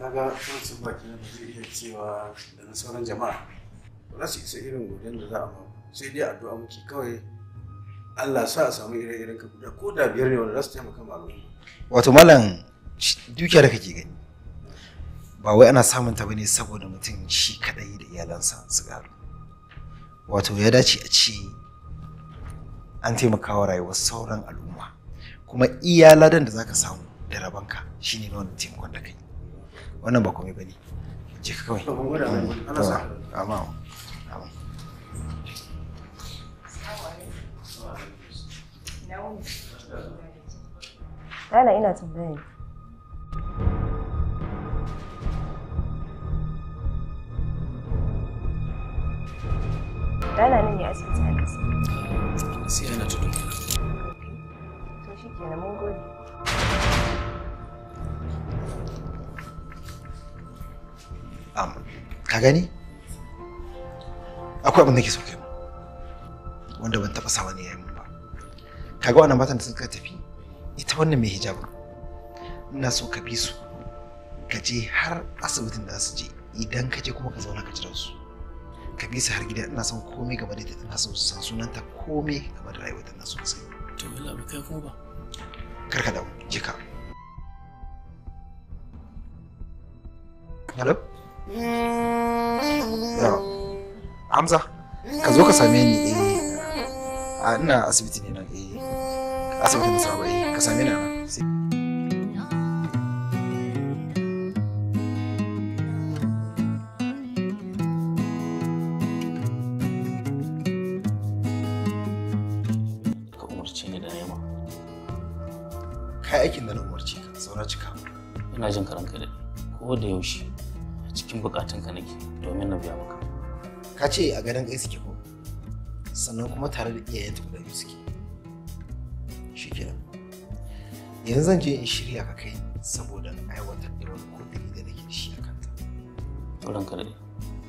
kaga sun baki na zai iya cewa da na sauran jama'a ba za su isa irin godiyar da za a maku sai dai addu'a muke kawai Allah sa a samu ire iren ka guda ko da biyar ne wanda za su taimaka ma al'umma wato malam dukiya da kake gani ba wai ana samun ta bane saboda mutum shi kadai da iyalansa su gado wato ya dace a ce an taimaka wa rayuwar sauran al'umma kuma iya ladan da zaka samu da rabanka shine na wannan taimakon da kai wannan ba komai bane je ka kawai amma ina tambaya ne. nan ne asibiti a ƙasa. Sai ana tudu. To shi kenan mun gode. ka gani akwai abin da ke sauke kai wanda ban taɓa sa wani yayin ba kaga wannan matan da suka tafi ita wannan mai hijabin ina so ka bi su ka je har asibitin da su je idan ka je kuma ka zauna ka jira su ka bi su har gida ina son komai game da ita su san sunanta komai game da rayuwar ta na so to Allah ba kai ko ba kar ka dawo je hello Hamza, ka zo ka same ni eh. A ina asibiti ne nan eh. Asibitin Sabo eh, ka same ni nan. Ka Kai aikin da na umarce ka, saura cika. Ina jin karanka da ko da yaushe. cikin bukatunka nake domin na biya maka ka ce a gadon kai suke ko sannan kuma tare da iyayen ta guda biyu suke shikenan yanzu zan je in shirya ka kai saboda aiwatar da wani kudiri da nake da shi a kanta wurin ka dade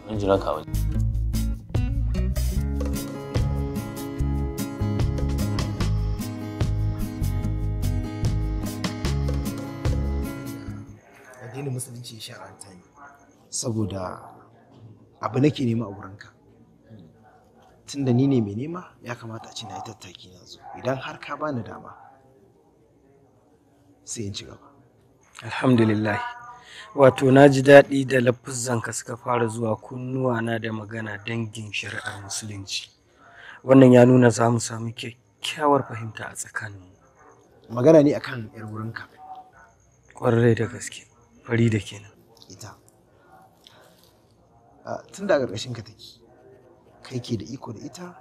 an jira ka waje addinin musulunci ya shara'anta saboda abu nake nema a wurinka tunda ni ne mai nema ya kamata a ce na yi tattaki na zo idan har ka bani dama sai in ci gaba alhamdulillah wato na ji daɗi da lafuzanka suka fara zuwa kunnuwa na da magana dangin shari'ar musulunci wannan ya nuna za mu samu kyakkyawar fahimta a mu. magana ne akan 'yar wurinka ƙwarai da gaske fari da kenan ita tun da ƙarƙashin ka take kai ke da iko da ita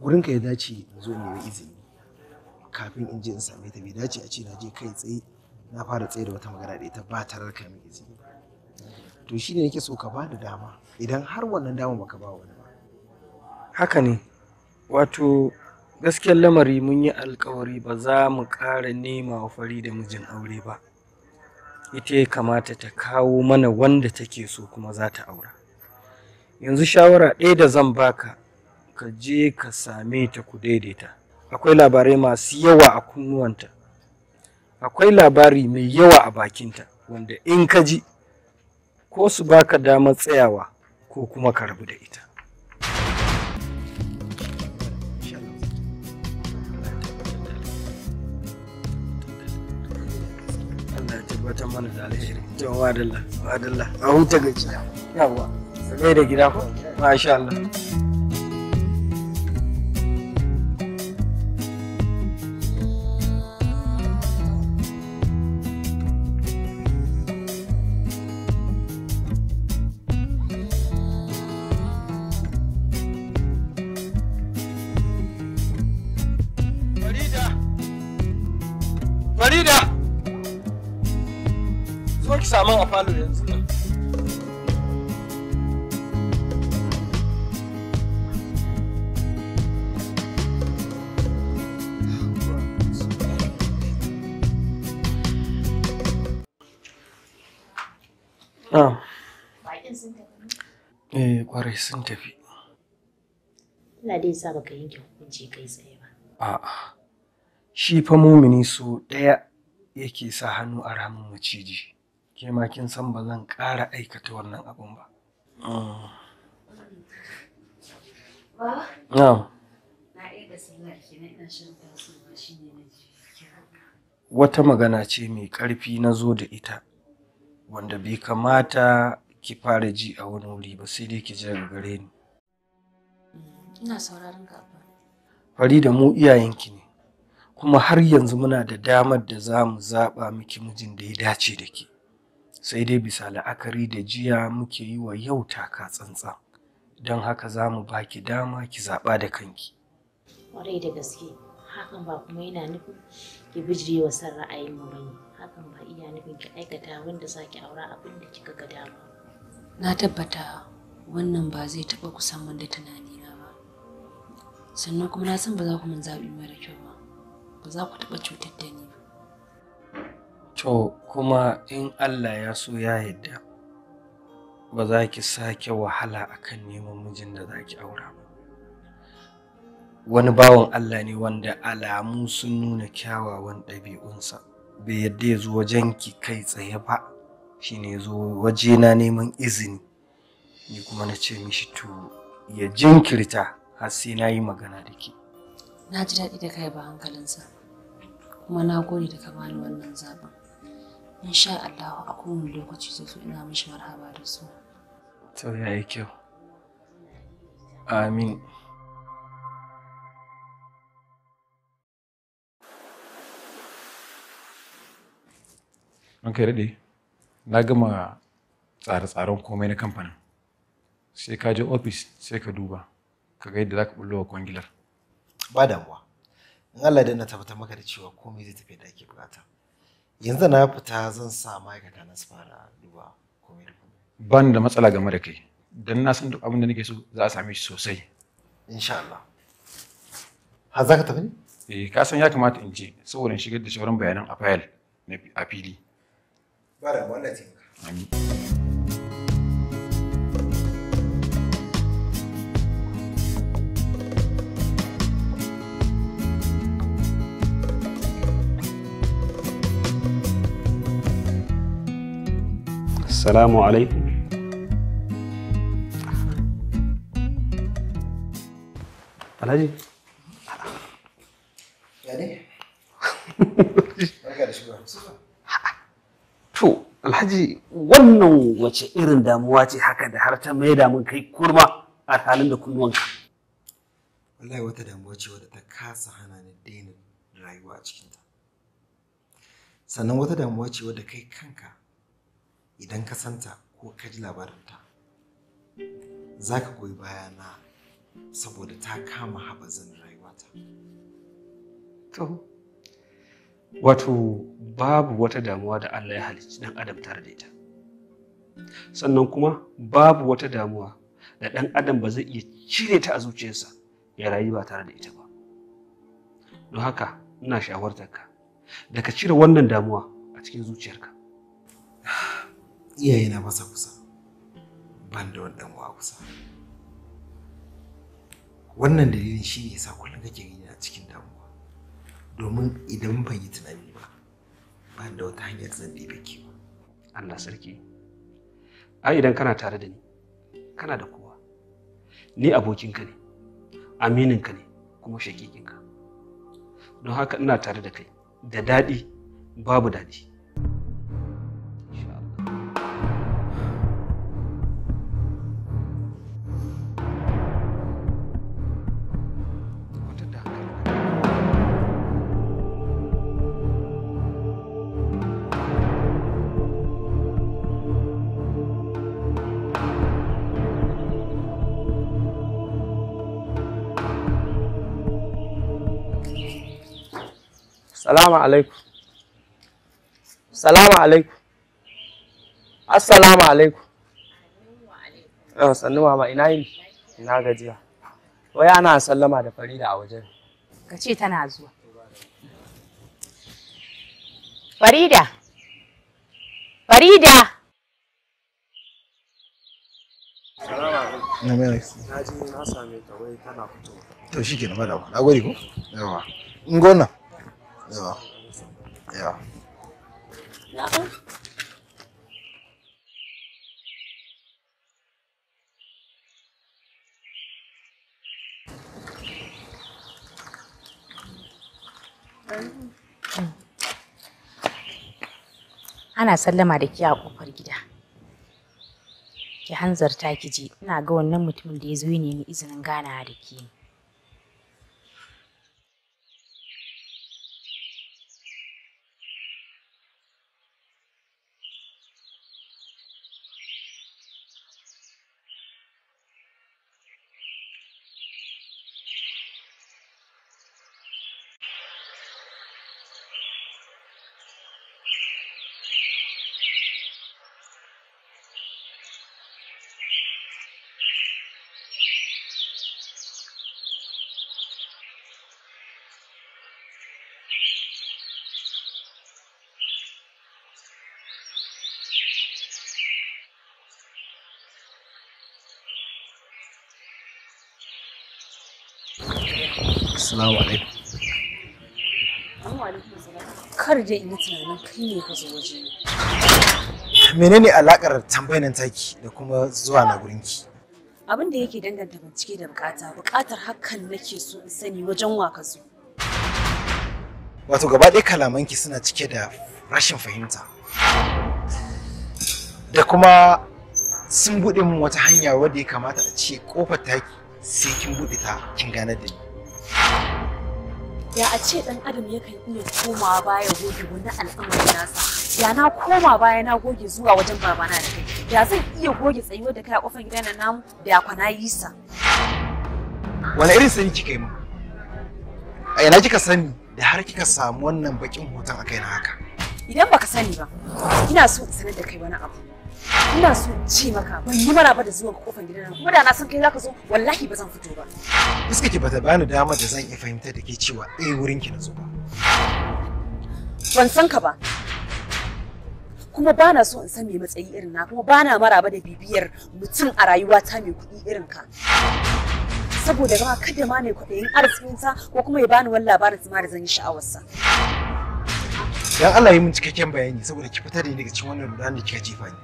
gurin ka ya dace in zo nemi izini kafin in je in same ta bai dace a ce na je kai tsaye na fara tsaye da wata magana da ita ba tarar ka min izini to shine nake so ka bada dama idan har wannan dama baka ba wani ba haka ne wato gaskiyar lamari mun yi alkawari ba za mu ƙara nema wa fari da mijin aure ba ita ya kamata ta kawo mana wanda take so kuma za ta aura yanzu shawara ɗaya da zan baka ka je ka same ta ku daidaita akwai labarai masu yawa a kunnuwanta akwai labari mai yawa a bakinta wanda in ka ji ko su baka damar tsayawa ko kuma ka rabu da ita Allah ya tabbatar mana da alheri. a Yawa. Sai da gida ko? Masha Allah. Farida! Farida! sun tafi. Allah dai sa baka yanke hukunci kai tsaye ba. A'a. Shi fa mumini so ɗaya yake sa hannu a ramin maciji. Ke ma kin san ba zan ƙara aikata wannan abun ba. Wata magana ce mai ƙarfi na zo da ita wanda bai kamata ki fara ji a wani wuri ba sai dai ki ji daga gare ni. Ina sauraron ka Farida mu iyayenki ne kuma har yanzu muna da damar da za mu zaɓa miki mijin da ya dace da ke. Sai dai bisa la'akari da jiya muke yi wa yau taka tsantsan. Don haka za mu ba ki dama ki zaɓa da kanki. Ƙwarai da gaske hakan ba kuma yana nufin ki bijirewa wasan ra'ayin mu Hakan ba iya nufin ki aikata wanda za ki aura abin da kika ga dama. na tabbata wannan ba zai taɓa kusan mun da tunanina ba sannan kuma na san ba za ku mun zaɓi mara kyau ba ba za ku taɓa cutar da ni ba to kuma in allah ya so ya yadda ba za ki sake wahala akan neman mijin da za ki aura ba wani bawan allah ne wanda alamu sun nuna kyawawan ɗabi'unsa bai yadda ya zo wajenki kai tsaye ba shine ya zo waje na neman izini ni kuma na ce mishi to ya jinkirta har sai na yi magana da ke na ji daɗi da kai ba hankalinsa kuma na gode da ka bani wannan In insha Allah a kowane lokaci zai so ina mishi marhaba da su to yi kyau amin Okay, ready? na gama tsare-tsaren komai na kamfanin sai ka je ofis sai ka duba ka ga yadda za ka bullo kwangilar ba damuwa in Allah da na tabbatar maka da cewa komai zai tafi da ake bukata yanzu na fita zan sa ma'aikata na su fara duba komai da komai ban da matsala game da kai don na san duk abin da nake so za a same shi sosai insha Allah har za ka tafi ne eh ka san ya kamata in je saboda in shigar da sauran bayanan a fayil a fili ورم ونتيجة آمين. السلام عليكم الهجي alhaji wannan wace irin damuwa ce haka da har ta mai damun kai kurma a halin da kunnuwanka wallahi wata damuwa ce wadda ta kasa hana ni daina rayuwa a cikinta sannan wata damuwa ce wadda kai kanka idan ka santa ko ka ji labarinta za ka koyi bayana saboda ta kama habazin rayuwata to wato babu wata damuwa da Allah ya halicci dan adam tare da ita sannan kuma babu wata damuwa da dan adam ba zai iya cire ta a zuciyarsa ya rayu ba tare da ita ba don haka ina ka da ka cire wannan damuwa a cikin zuciyarka Iyaye na masa kusa ban da wani damuwa kusa wannan dalilin shi ne yasa kullum kake gina cikin damuwa domin idan ban yi tunani ba ba da wata hanyar zan ɗebe kewa Allah sarki A idan kana tare da ni kana da kowa ni abokinka ne amininka ne kuma shakikinka don haka ina tare da kai da daɗi babu daɗi salamu alaikum salamu alaikum assalamu alaikum yau sannu mama ina yi ina gajiya wai ana sallama da farida a wajen ka ce tana zuwa farida farida na mai na ji na same ta wai tana fito to shi ke na madawa na gode ko yawa ngona Ja. Ja. ja. Ana sallama da ke a ƙofar gida. Ki hanzarta ki je, ina ga wannan mutumin da ya zo ne ni izinin ganawa da ke ni. Assalamu alaikum. Kar dai in yi tunanin kai ne ka zo waje. Menene alakar tambayan taki da kuma zuwa na gurinki? Abin da yake danganta bincike da bukata, bukatar hakan nake so in sani wajen wa ka zo. Wato gaba ɗaya kalamanki suna cike da rashin fahimta. Da kuma sun buɗe min wata hanya wadda ya kamata a ce ƙofar taki sai kin buɗe ta kin gane da ni. ya a ce dan adam yakan iya koma baya goge wani al'amari nasa ya na koma baya na goge zuwa wajen babana da kai ya zan iya goge tsayuwar da kai a kofar gidan nan namu da ya kwana yisa wani irin sani kika yi ma a ina kika sani da har kika samu wannan bakin hoton a kai na haka idan baka sani ba ina so in sanar da kai wani abu ina so in ce maka ban yi maraba da zuwan kofar gidan nan kuma da na san kai zaka zo wallahi ba zan fito ba iska bata bani dama da zan iya fahimtar da ke cewa eh wurin ki na zo ba ban san ka ba kuma ba na so in san mai matsayi irin na kuma ba na maraba da bibiyar mutum a rayuwata mai kuɗi irin ka saboda ma kada ma ne kwaɗayin arzikinsa ko kuma ya bani wani labarin ma da zan yi sha'awarsa Dan Allah yi min cikakken bayani saboda ki fita da ni daga cikin wannan rudan da kika jefa ni.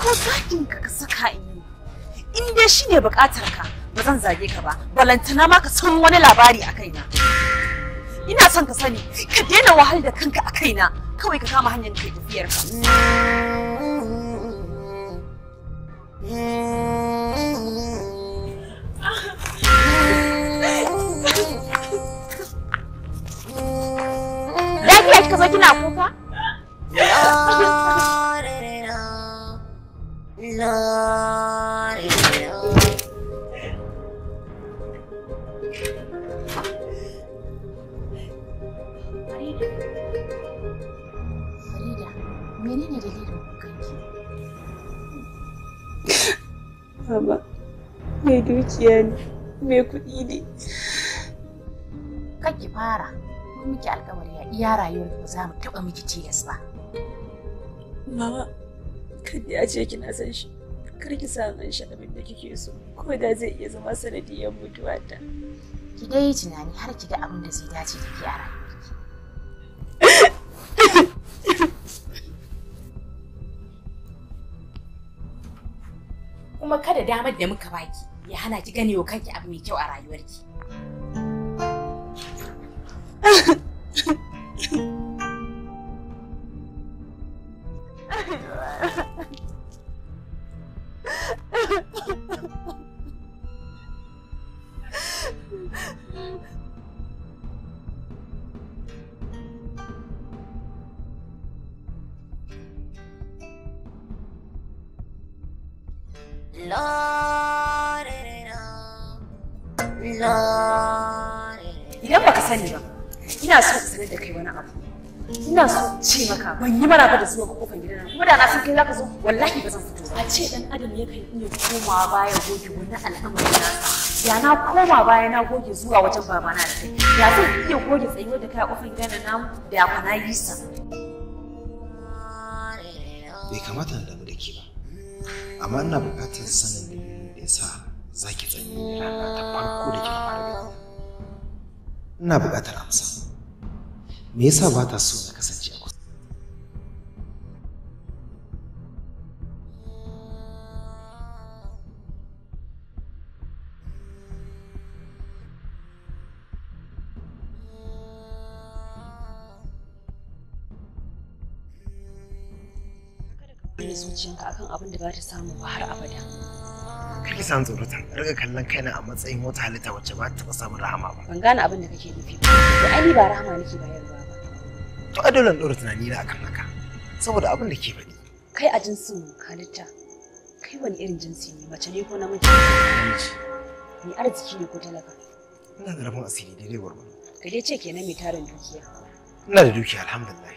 Ko saki ka ka saka in yi. In dai shi ne buƙatar ka ba zan zage ka ba. Balantana ma ka san wani labari a kaina. Ina son ka sani ka daina wahal da kanka a kaina kawai ka kama hanyar kai tafiyar ka. zo kina kuka? menene mai dukiya ne, mai kuɗi ne. fara. mun miki alkawari a iya rayuwar ba za mu taɓa miki tilas ba. Mama, kada ya ce kina san shi. Kar ki sa ran shi abin da kike so. Ko da zai iya zama sanadiyar mutuwa ta. Ki dai tunani har ki ga abin da zai dace da ki a Kuma kada damar da muka baki ya hana ki ganewa kanki abu mai kyau a rayuwarki. ce dan adam ya kan iya koma baya goge wani al'amari ya na koma baya na goge zuwa wajen babana da ya zan iya goge tsayuwa da kai a kofar gana na da kwana yi sa bai kamata na damu da ke ba amma ina buƙatar sanin da ya sa za ki tsaye rana ta farko da ke fara ina buƙatar amsa me yasa ba ta so zuciyanka akan abin da ba ta samu ba har abada kake san tsorata riga kallon kaina a matsayin wata halitta wacce ba ta samu rahama ba ban gane abin da kake nufi ba ali ba rahama nake bayarwa ba to a dole dora tunani na akan haka saboda abin da ke faɗi kai a jinsin halitta kai wani irin jinsi ne mace ne ko namiji namiji mai arziki ne ko talaka ina da rabon asiri daidai gwargwado ka dai ce kenan mai tarin dukiya ina da dukiya alhamdulillah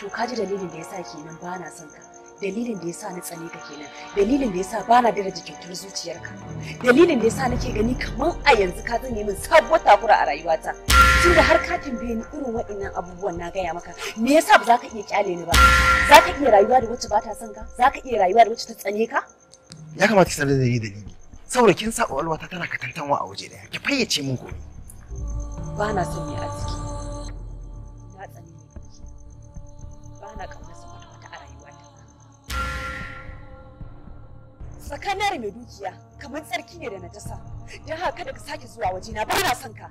to ka ji dalilin da yasa kenan ba na son ka dalilin da yasa na tsane ka kenan dalilin da yasa ba na daraja kyautar zuciyarka dalilin da yasa nake gani kamar a yanzu ka zan min sabuwar takura a rayuwata da har ka tambaye ni irin waɗannan abubuwan na gaya maka me yasa ba za ka iya kyale ni ba za ka iya rayuwa da wacce ba ta son ka za ka iya rayuwa da wacce ta tsane ka ya kamata ki sanar da ni dalili saboda kin sa ta tana katantanwa a waje daya. ki fayyace min gobe ba na son a ciki. tsakanin mai dukiya kamar tsarki ne da na najasa don haka kada ka sake zuwa wajena ba na son ka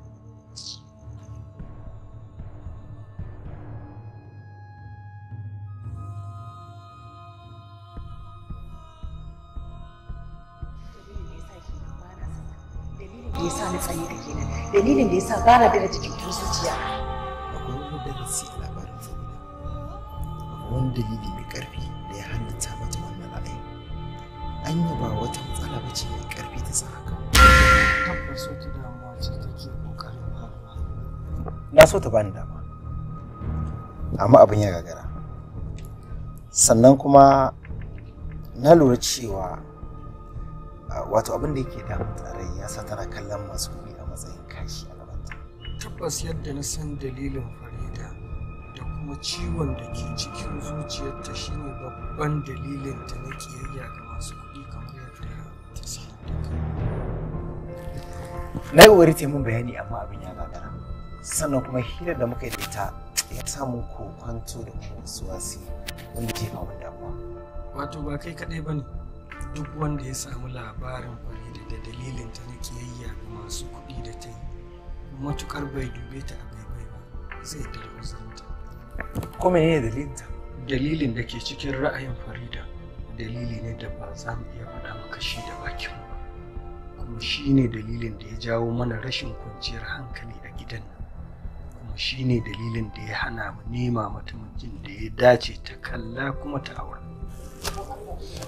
yasa na tsaye ka kenan dalilin da ya sa ba na da kyautar zuciya akwai wani darasi a labarin sabina wani dalili mai karfi anya ba wata matsala ba ce mai ƙarfi ta tsaka. Tabbas wata damuwa ce ke ƙoƙarin faruwa. Na so ta bani dama. Amma abin ya gagara. Sannan kuma na lura cewa wato abin da yake damun tsarai ya sa tana kallon masu kuɗi a matsayin kashi a gabanta. Tabbas yadda na san dalilin Farida da kuma ciwon da ke cikin zuciyarta shine babban dalilin ta na ƙiyayya. ga na yi kokari taimun bayani amma abin ya gagara sannan kuma hirar da muka yi ya samu kwanto da kuma suwasi wanda ke wanda damuwa wato ba kai kaɗai ba ne duk wanda ya samu labarin farida da dalilin ta na kiyayya ga masu kuɗi da ta yi matukar bai dube ta a baibai ba zai dalilin ko ne dalilin ta dalilin da ke cikin ra'ayin farida dalili ne da ba za mu iya faɗa maka shi da bakin mu shi ne dalilin da ya jawo mana rashin kwanciyar hankali a gidan nan kuma shi ne dalilin da ya hana mu nema mata da ya dace ta kalla kuma ta aure.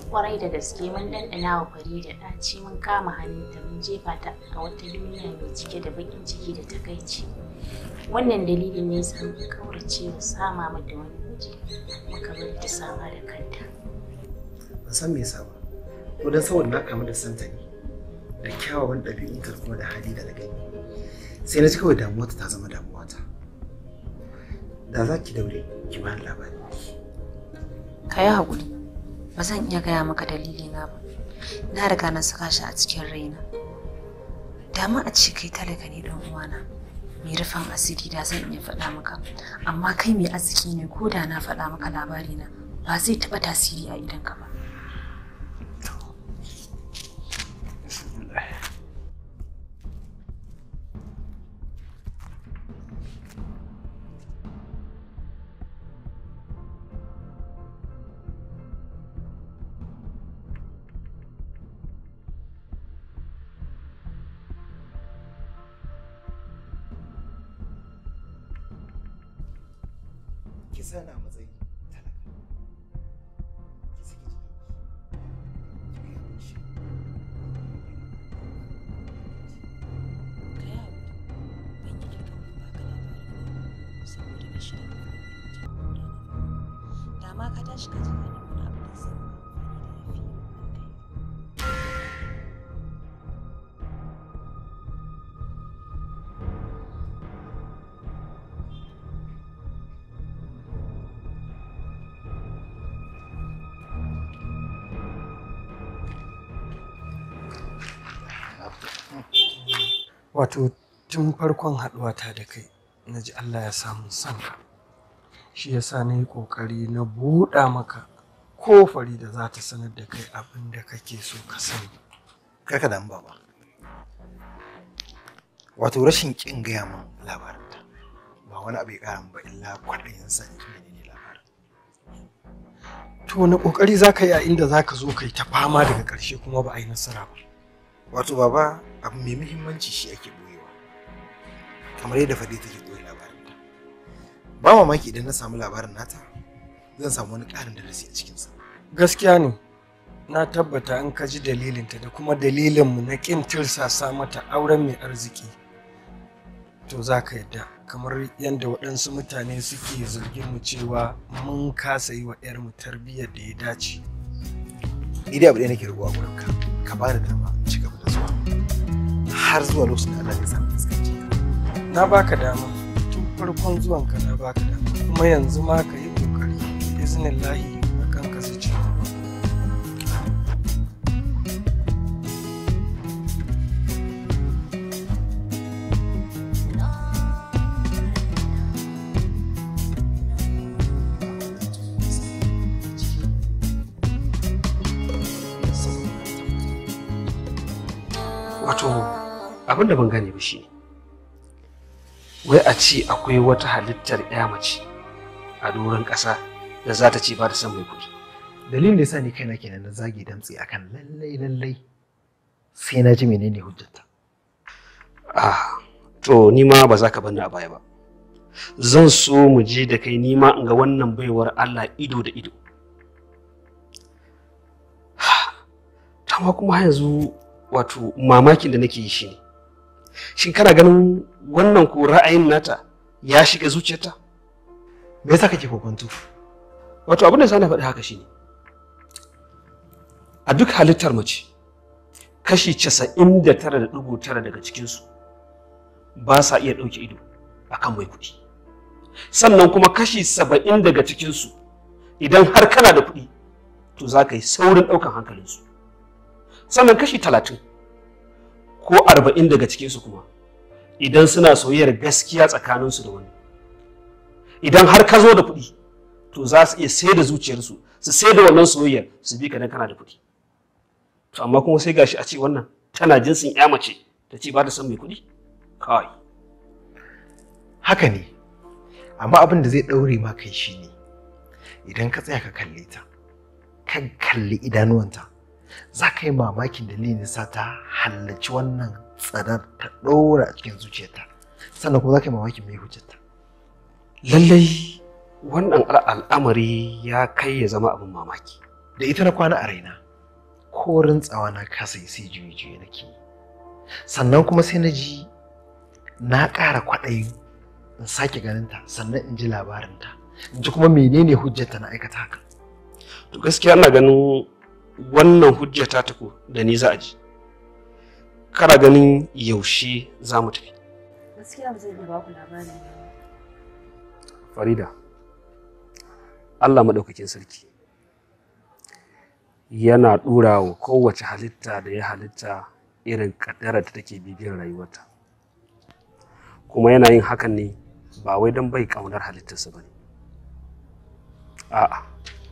kwarai da gaske mun ɗanɗana wa fari da ɗaci mun kama hannunta mun jefa ta a wata duniya mai cike da baƙin ciki da takaici wannan dalilin ne sa mu kaurace mu sama mata wani waje muka bari ta sama da kanta ban san me yasa ba ko dan saboda na kamu da santa ne da kyawawan ɗabi'unta kuma da hali da na gani sai na ji kawai damuwata ta zama damuwata da za ki daure ki ba labari ka yi haƙuri ba zan iya gaya maka dalili na ba na riga na saka shi a cikin raina dama a ce kai talaka ne don uwana mai rufin asiri da zan iya faɗa maka amma kai mai arziki ne ko da na faɗa maka labari na ba zai taɓa tasiri a idanka ba Wato tun farkon haɗuwata da kai na ji Allah ya samu sanka. Shi ya sa na yi ƙoƙari na buɗa maka kofari da za ta sanar da kai abin da kake so ka sani. kaka da ba. Wato rashin ƙin gaya min labarinta ba wani abu ya ƙara ba illa kwaɗayin sani ne labarin. To na ƙoƙari za ka yi a inda za ka zo kai ta fama daga ƙarshe kuma ba a yi nasara ba. wato baba abu mai muhimmanci shi ake boyewa kamar yadda fadi take boye labarin ba mamaki idan na samu labarin nata zan samu wani ƙarin darasi a cikinsa gaskiya ne na tabbata an ka ji dalilinta da kuma dalilinmu na ƙin tirsasa mata auren mai arziki to za ka yadda kamar yadda waɗansu mutane suke zargin mu cewa mun kasa yi wa 'yarmu tarbiyyar da ya dace. Idi abu ɗaya nake rubuwa gurinka, ka ba dama ci har zuwa lokacin da Allah zai samu fuskanci na baka dama tun farkon zuwan ka na baka dama kuma yanzu ma ka yi kokari izinin lahi abin da ban gane ba shi wai a ce akwai wata halittar ya mace a doron ƙasa da za ta ce ba ta san mai kuɗi dalilin da yasa ni kaina kenan na zagi damtsi akan lallai lallai sai na ji menene hujjarta ah to ni ma ba za ka banna a baya ba zan so mu je da kai nima in ga wannan baiwar Allah ido da ido amma ah, kuma yanzu wato mamakin da nake yi shi ne shin kana ganin wannan ko ra'ayin nata ya shiga zuciyarta me yasa kake kokonto wato abin da sana faɗi haka shine a duk halittar mace kashi casa'in da tara da ba sa iya ɗauke ido akan mai kuɗi sannan kuma kashi saba'in daga cikinsu idan har kana da kuɗi to za ka yi saurin ɗaukan hankalinsu sannan kashi talatin ko arba'in daga cikinsu kuma idan suna soyayyar gaskiya tsakaninsu da wani idan har ka zo da kuɗi to za su iya sai da zuciyarsu su sai da wannan soyayyar su bi ka dan kana da kuɗi to amma kuma sai gashi a ce wannan tana jinsin ya mace ta ce ba ta son mai kuɗi kawai haka ne amma abin da zai ɗaure maka kai shi ne idan ka tsaya ka kalle ta ka kalli idanuwanta za ka yi mamakin dalilin sa ta halarci wannan tsanar ta ɗora a cikin zuciyarta sannan kuma za ka yi mamakin mai hujjata. lallai wannan al'amari ya kai ya zama abin mamaki da ita na kwana a raina ko tsawa na kasa yi sai juye juye nake sannan kuma sai na ji na ƙara kwaɗayi in sake ganinta sannan in ji labarinta in ji kuma menene hujjata na aikata haka to gaskiya ina ganin wannan hujja ta taku da ni za a ji kara ganin yaushe za mu tafi gaskiya ba zai ba ku labari farida allah maɗaukakin sarki yana ɗura wa kowace halitta da ya halitta irin ƙaddarar da take bibiyar rayuwarta kuma yana yin hakan ne ba wai don bai ƙaunar halittarsa ba ne a'a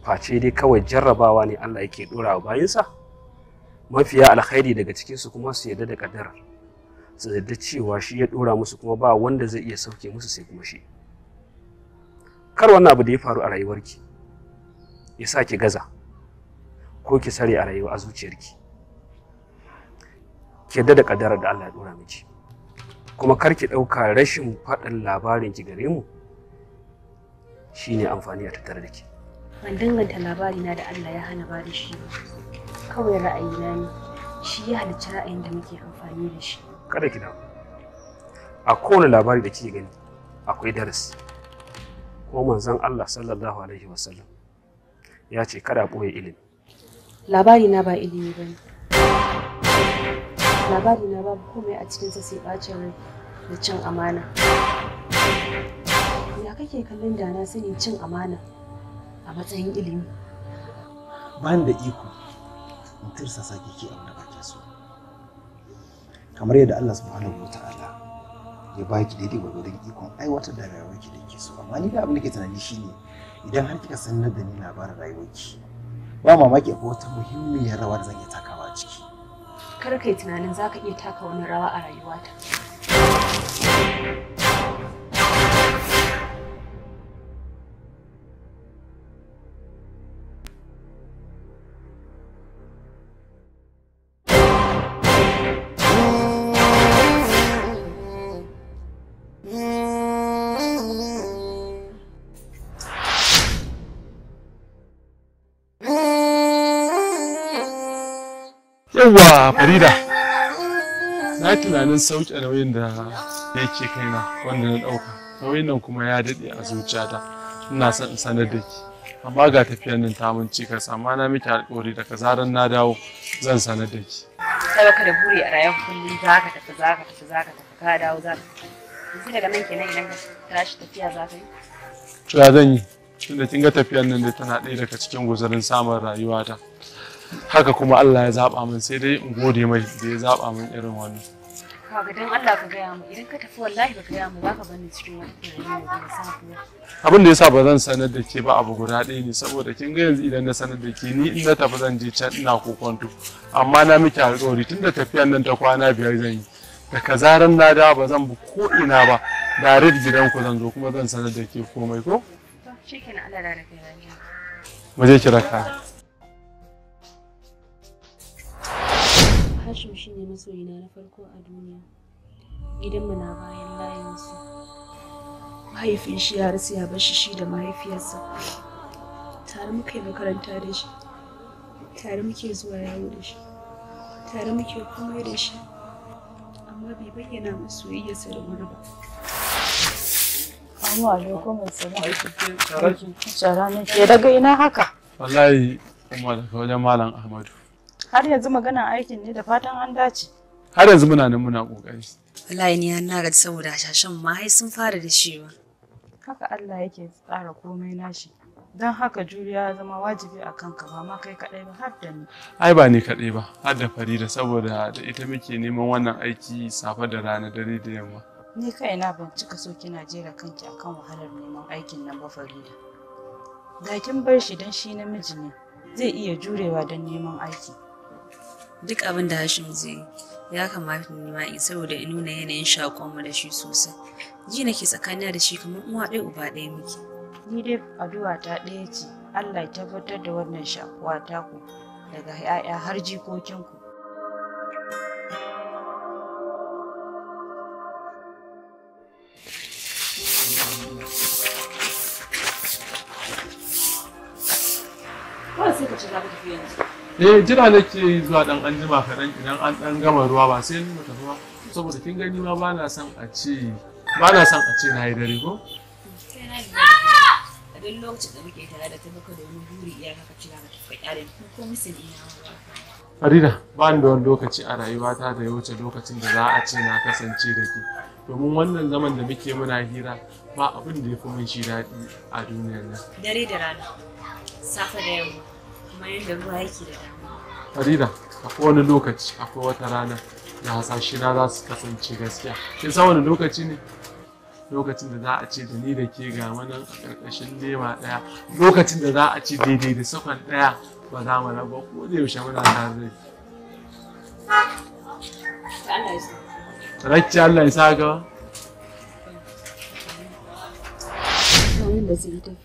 face dai kawai jarrabawa ne Allah yake dora wa bayinsa mafiya alkhairi daga cikin su kuma su yarda da kadar su yarda cewa shi ya dora musu kuma ba wanda zai iya sauke musu sai kuma shi kar wannan abu da ya faru a rayuwarki ya sa ki gaza ko ki sare a rayuwa a zuciyarki ki yarda da kaddarar da Allah ya dora miki kuma kar ki ɗauka rashin faɗin labarin ki gare mu shine amfani a tattare da ki ban danganta labari na da Allah ya hana ba da shi ba kawai ra'ayi na ne shi ya halicci ra'ayin da muke amfani da shi kada ki damu a kowane labari da kike gani akwai darasi kuma manzon Allah sallallahu alaihi wasallam ya ce kada boye ilimi labari na ba ilimi bane labari na ba komai a cikin sa sai bacin rai da cin amana ya kake kallon da na sani cin amana a matsayin ilimi ni da iko in tirsa sake ke abin da kake so kamar yadda Allah subhanahu wataala ya ba ki daidai gwargwadon ikon aiwatar da rayuwar ki da ke so amma ni da abin da ke tunani shine idan har kika sanar da ni labarin rayuwar ki ba mamaki akwai wata muhimmiyar rawa da zan iya takawa a ciki kar kai tunanin zaka iya taka wani rawa a rayuwata Yauwa farida na tunanin a nauyin da yake kaina wanda na ɗauka nauyin nan kuma ya daɗe a zuciyata ina son in sanar da ki amma ga tafiyar nan ta mun ka amma na miki alƙawari daga zaran na dawo zan sanar da ki kada ka da buri a rayuwar kullum za ka tafi za ka tafi za ka tafi ka dawo za ka yanzu daga nan kenan idan ka tashi tafiya za ka yi to ya zan yi tunda kin ga tafiyar nan da tana ɗaya daga cikin guzarin samun rayuwata haka kuma Allah ya zaba min sai dai in gode mai da ya zaba min irin wannan kaga dan Allah ka gaya mu idan ka tafi wallahi ka gaya mu baka bani cikin wani abin da yasa ba zan sanar da ke ba abu guda ɗaya ne saboda kin ga yanzu idan na sanar da ke ni in na tafi zan je can ina kokonto amma na miki alƙawari tunda tafiyan nan ta kwana biyar zan yi daga zaran na da ba zan bi ko ina ba da rid gidan ku zan zo kuma zan sanar da ke komai ko shikenan Allah da rafi mu je kira ka masoyina na farko a duniya gidanmu na bayan layinsu mahaifin shi ya rasu ya bar shi da mahaifiyarsa tare muka yi makaranta da shi tare muke zuwa yawo da shi tare muke komai da shi amma bai bayyana masoyiyarsa da wani ba Assalamu kuma assalamu alaikum. Shara ne ke daga ina haka? Wallahi kuma daga wajen Malam Ahmadu. Har yanzu magana aikin ne da fatan an dace. Har yanzu muna nan muna kokari. Wallahi ni an nagaji saboda shashan ma ai sun fara da shi ba. Haka Allah yake tsara komai nashi. Don haka juriya zama wajibi a kanka ba ma kai kaɗai ba har da ni. Ai ba ni kaɗai ba har da Farida saboda da ita muke neman wannan aiki safa da rana dare da yamma. Ni kai kaina ban cika so kina jera kanki akan wahalar neman aikin nan ba Farida. Da kin bar shi don shi namiji ne zai iya jurewa don neman aiki. duk abin da hashim zai yi ya kamata ni ma in saboda in nuna yanayin mu da shi sosai ji nake tsakanina da shi kamar uwa ɗaya uba ɗaya muke ni dai addu'a ta ɗaya ce Allah ya tabbatar da wannan shakuwa taku daga 'ya'ya har jikokin ku sai ka ci za tafi eh jira nake zuwa dan anjima kaɗan idan an dan gama ruwa ba sai mu tafi ba saboda kin gani ma ba na son a ce ba na son a ce na yi dare ko a duk lokacin da muke tare da ta baka da buri iya ka ci ka ka ko musu ina Farida, ba ni da wani lokaci a rayuwata da ya wuce lokacin da za a ce na kasance da ke. Domin wannan zaman da muke muna hira ba abin da ya fi mun shi daɗi a duniyar nan. Dare da rana, safe da yamma. ruwa da Farida, akwai wani lokaci, akwai wata rana da hasashe na za su kasance gaskiya. Kin san wani lokaci ne? Lokacin da za a ce da ni da ke ga manan a ƙarƙashin lema ɗaya, lokacin da za a ce daidai da sakon ɗaya ba za mu raba ko da yaushe muna tare zai? Racci Allah ya sa gaba. Wanda zai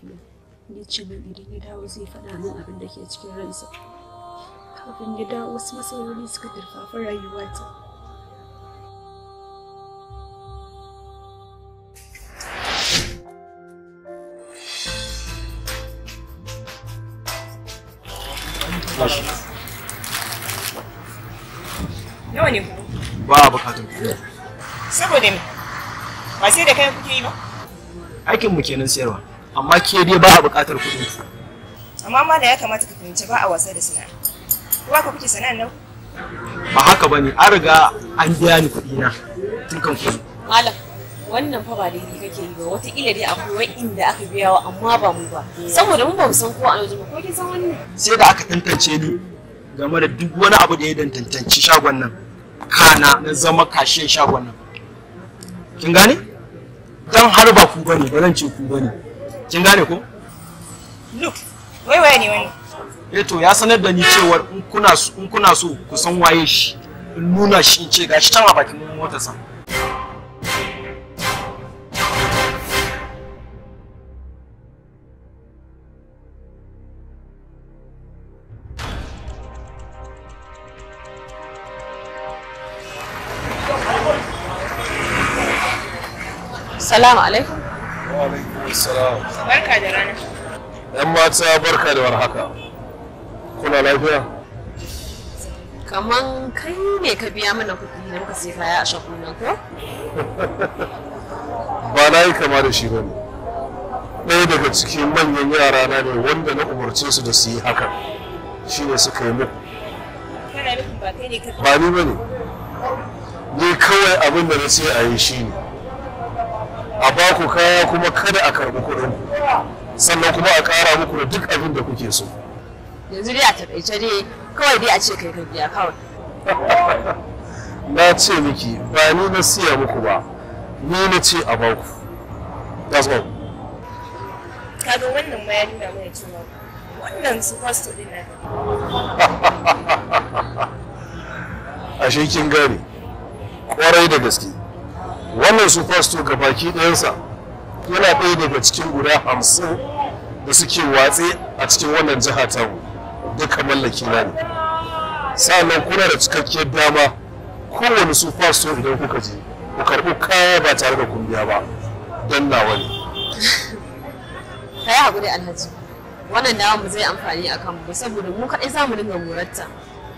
ce min idan ya dawo zai faɗa min abin da ke cikin ransa kafin ya dawo wasu matsaloli suka turfafi rayuwata Nawa ne kuma? Ba a bukatun kuɗi. Saboda me? Ba sai da kai kuke yi ba? Aikin mu kenan sayarwa. amma ke dai ba a buƙatar kuɗin ku amma ma da ya kamata ka fahimci ba a wasa da sana'a kuma ka kuke sana'ar nan ba haka bane an riga an biya ni kuɗi na tun kan kuɗi malam wannan fa ba daidai kake yi ba wata ila dai akwai inda aka biya wa amma ba mu ba saboda mu ba mu san ko a yanzu ba ko kin san wannan sai da aka tantance ni game da duk wani abu da ya dantantanci shagon nan kana na zama kashin shagon nan kin gane dan har ba ku bane ba zan ce ku bane kin gane ko look wai waye ne wani eh to ya sanar da ni cewar in kuna so in kuna so ku san waye shi in nuna shi in ce gashi can a bakin sa. Salamu alaikum. Barka da rana. ‘Yan mata barka da warhaka. Kuna lafiya? Kaman kai ne ka biya mana kuɗi da muka sai kaya a shagunan ko? Ba na yi kama da shi bane. Ɗaya daga cikin manyan yara na ne wanda na umarce su da su yi hakan. Shi ne suka yi muku. Ba ni bane. Ni kawai abin da na sai a yi shi ne. a ba ku kaya kuma kada a karɓi kuɗin sannan kuma a ƙara muku da duk abin da kuke so yanzu dai a taƙaice dai kawai dai a ce kai ka biya kawai na ce miki ba ni na siya muku ba ni na ce a ba ku that's all kaga wannan ma ya nuna mai cewa wannan su fasto din na ashe kin gane kwarai da gaske wannan su fasto ga baki ɗayansa yana ɗaya daga cikin guda hamsin da suke watsi a cikin wannan jiha ta duka mallaki na ne sa'annan kuna da cikakkiyar dama kowane su fasto idan kuka je ku karɓi kaya ba tare da kumbiya ba don nawa ne kai hakuri alhaji wannan dawa mu zai amfani a kanmu saboda mu kaɗai za mu dinga murarta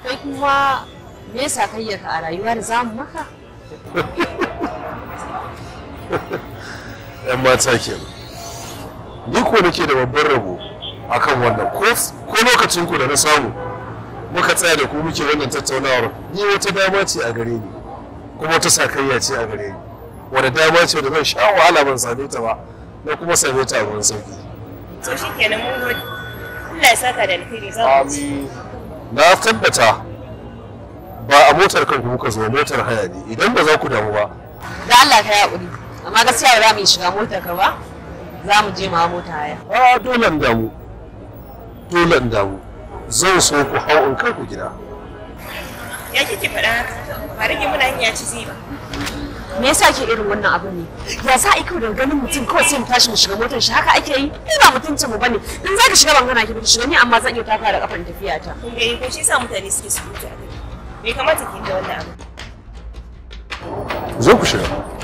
kai kuma me yasa kayyaka a rayuwa da za mu maka yan mata ke ni ko nake da babban rabo akan wannan ko lokacin ku da na samu muka tsaya da ku muke wannan tattaunawar ni wata dama ce a gare ni kuma wata sakayya ce a gare ni wadda dama ce da zan sha wahala ban same ta ba na kuma same ta a wurin sauki to shikenan mun gode Allah ya saka da alheri za mu ci na tabbata ba a motar kanku kuka zo motar haya ne idan ba za ku damu ba da Allah ka yaƙuri amma gaskiya ba za mu shiga motar ka ba za mu je ma mota haya a dole da mu dole da mu zan so ku hau in kai ku gida ya kike faɗa ba rage muna hanya ci ziba. ba me yasa ke irin wannan abu ne ya sa ake da ganin mutum kawai sai mu tashi mu shiga motar shi haka ake yi ni ba mutuncin mu bane in ka shiga ban gana ki ba shiga ni amma zan iya taka da kafan tafiya ta kun ga ko shi yasa mutane suke surutu a kai bai kamata ki yi da wannan abu zo ku shiga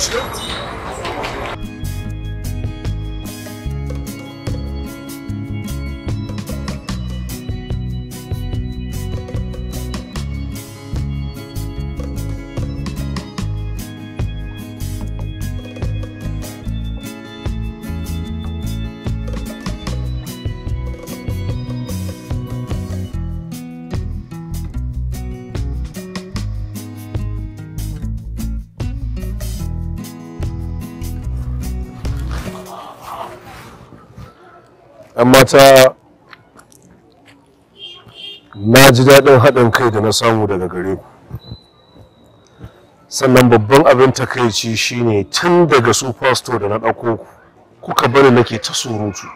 Let's go. ta na ji daɗin haɗin kai da na samu daga gare ku sannan babban abin takaici shine tun daga su pastor da na ɗauko ku kuka bari nake ta surutu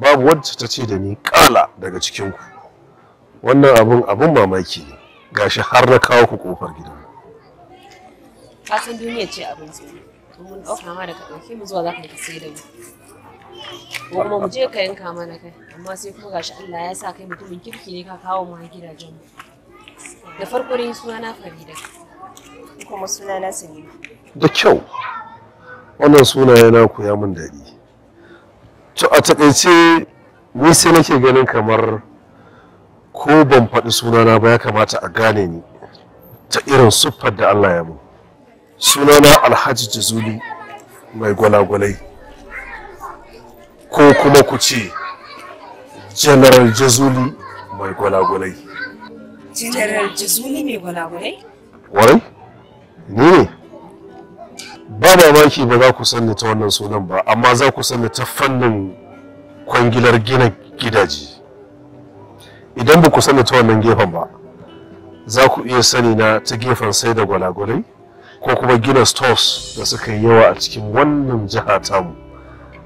babu wadda ta ce da ni ƙala daga cikinku wannan abin abin mamaki ne gashi har na kawo ku ƙofar gidan ka duniya ce abin tsoro ɗauka ma daga ɗauke zuwa za ka sai da mu mu je ka yanka mana kai amma sai kuma gashi Allah ya sa kai mutumin kirki ne ka kawo mu gidajen mu da farko dai sunana Farida kuma sunana na da kyau wannan sunaye na ku ya mun daɗi to a takaice ni sai nake ganin kamar ko ban faɗi sunana ba ya kamata a gane ni ta irin siffar da Allah ya mun sunana Alhaji Jazuli mai gwalagwalai ko kuma ku ce general jazuli mai gwalagwalai general jazuli mai gwalagwalai warai ni ne ba mamaki ba za ku sanni ta wannan sunan ba amma za ku sani ta fannin kwangilar gina gidaje idan ba ku sani ta wannan gefen ba za ku iya sani na ta gefen sai da gwalagwalai ko kuma gina stores da suka yi yawa a cikin wannan jiha tamu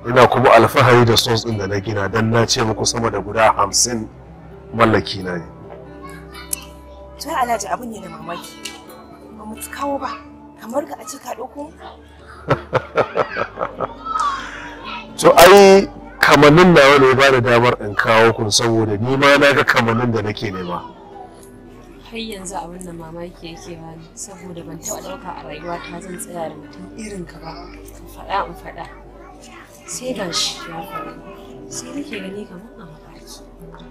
ina kuma alfahari da sos ɗin da na gina don na ce muku sama da guda hamsin mallaki na ne. Ta alaji abu ne da mamaki ba mu kawo ba kamar ka a ce ka ɗauko. To ai kamannin nawa ne ba da damar in kawo kun saboda ni ma na ga kamannin da nake nema. Har yanzu abin da mamaki yake ba saboda ban taɓa ɗauka a rayuwa ta zan tsaya da mutum irin ka ba. Faɗa in faɗa. ya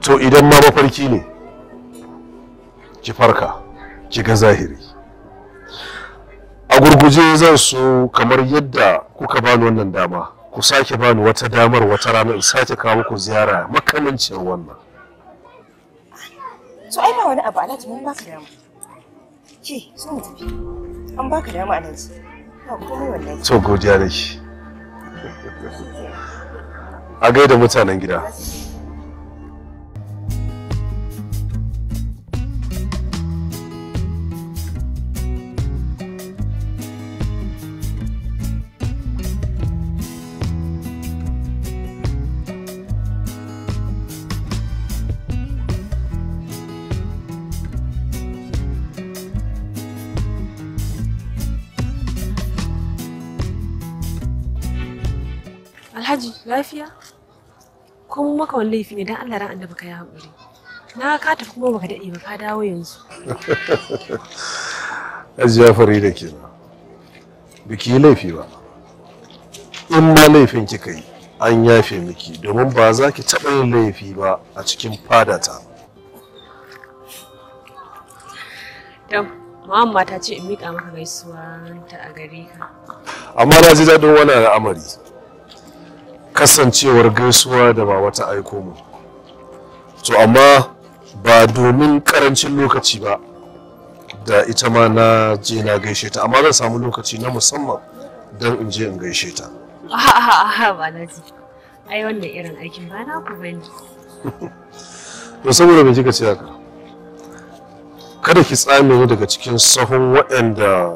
to idan ma mafarki ne ki farka ki ga zahiri a gurguje zan so kamar yadda kuka bani wannan dama ku sake bani wata damar wata rana in sake kawo muku ziyara makamancin wannan To ai ba wani abu alhaji mun ba ka dama ke so mu tafi an ka dama alhaji ba komai wallahi to godiya da shi a gaida mutanen gida Alhaji lafiya? Ko maka wani laifi ne dan Allah ran annabi ka yi haƙuri. Na ka tafi kuma baka daɗe ba ka dawo yanzu. Ajiya Farida nan. Biki yi laifi ba. In ma laifin kika yi an yafe miki domin ba za ki taɓa yin laifi ba a cikin fadata. Dam. Muhammad ta ce in miƙa maka gaisuwa ta a gare ka. Amma na ji daɗin wannan al'amari. kasancewar gaisuwa da ba wata aiko mu to amma ba domin karancin lokaci ba da ita ma na je na gaishe ta amma zan samu lokaci na musamman don in je in gaishe ta ha ba na ji ai wannan irin aikin ba na ku bane to saboda me kika ce haka kada ki tsame ni daga cikin sahun waɗanda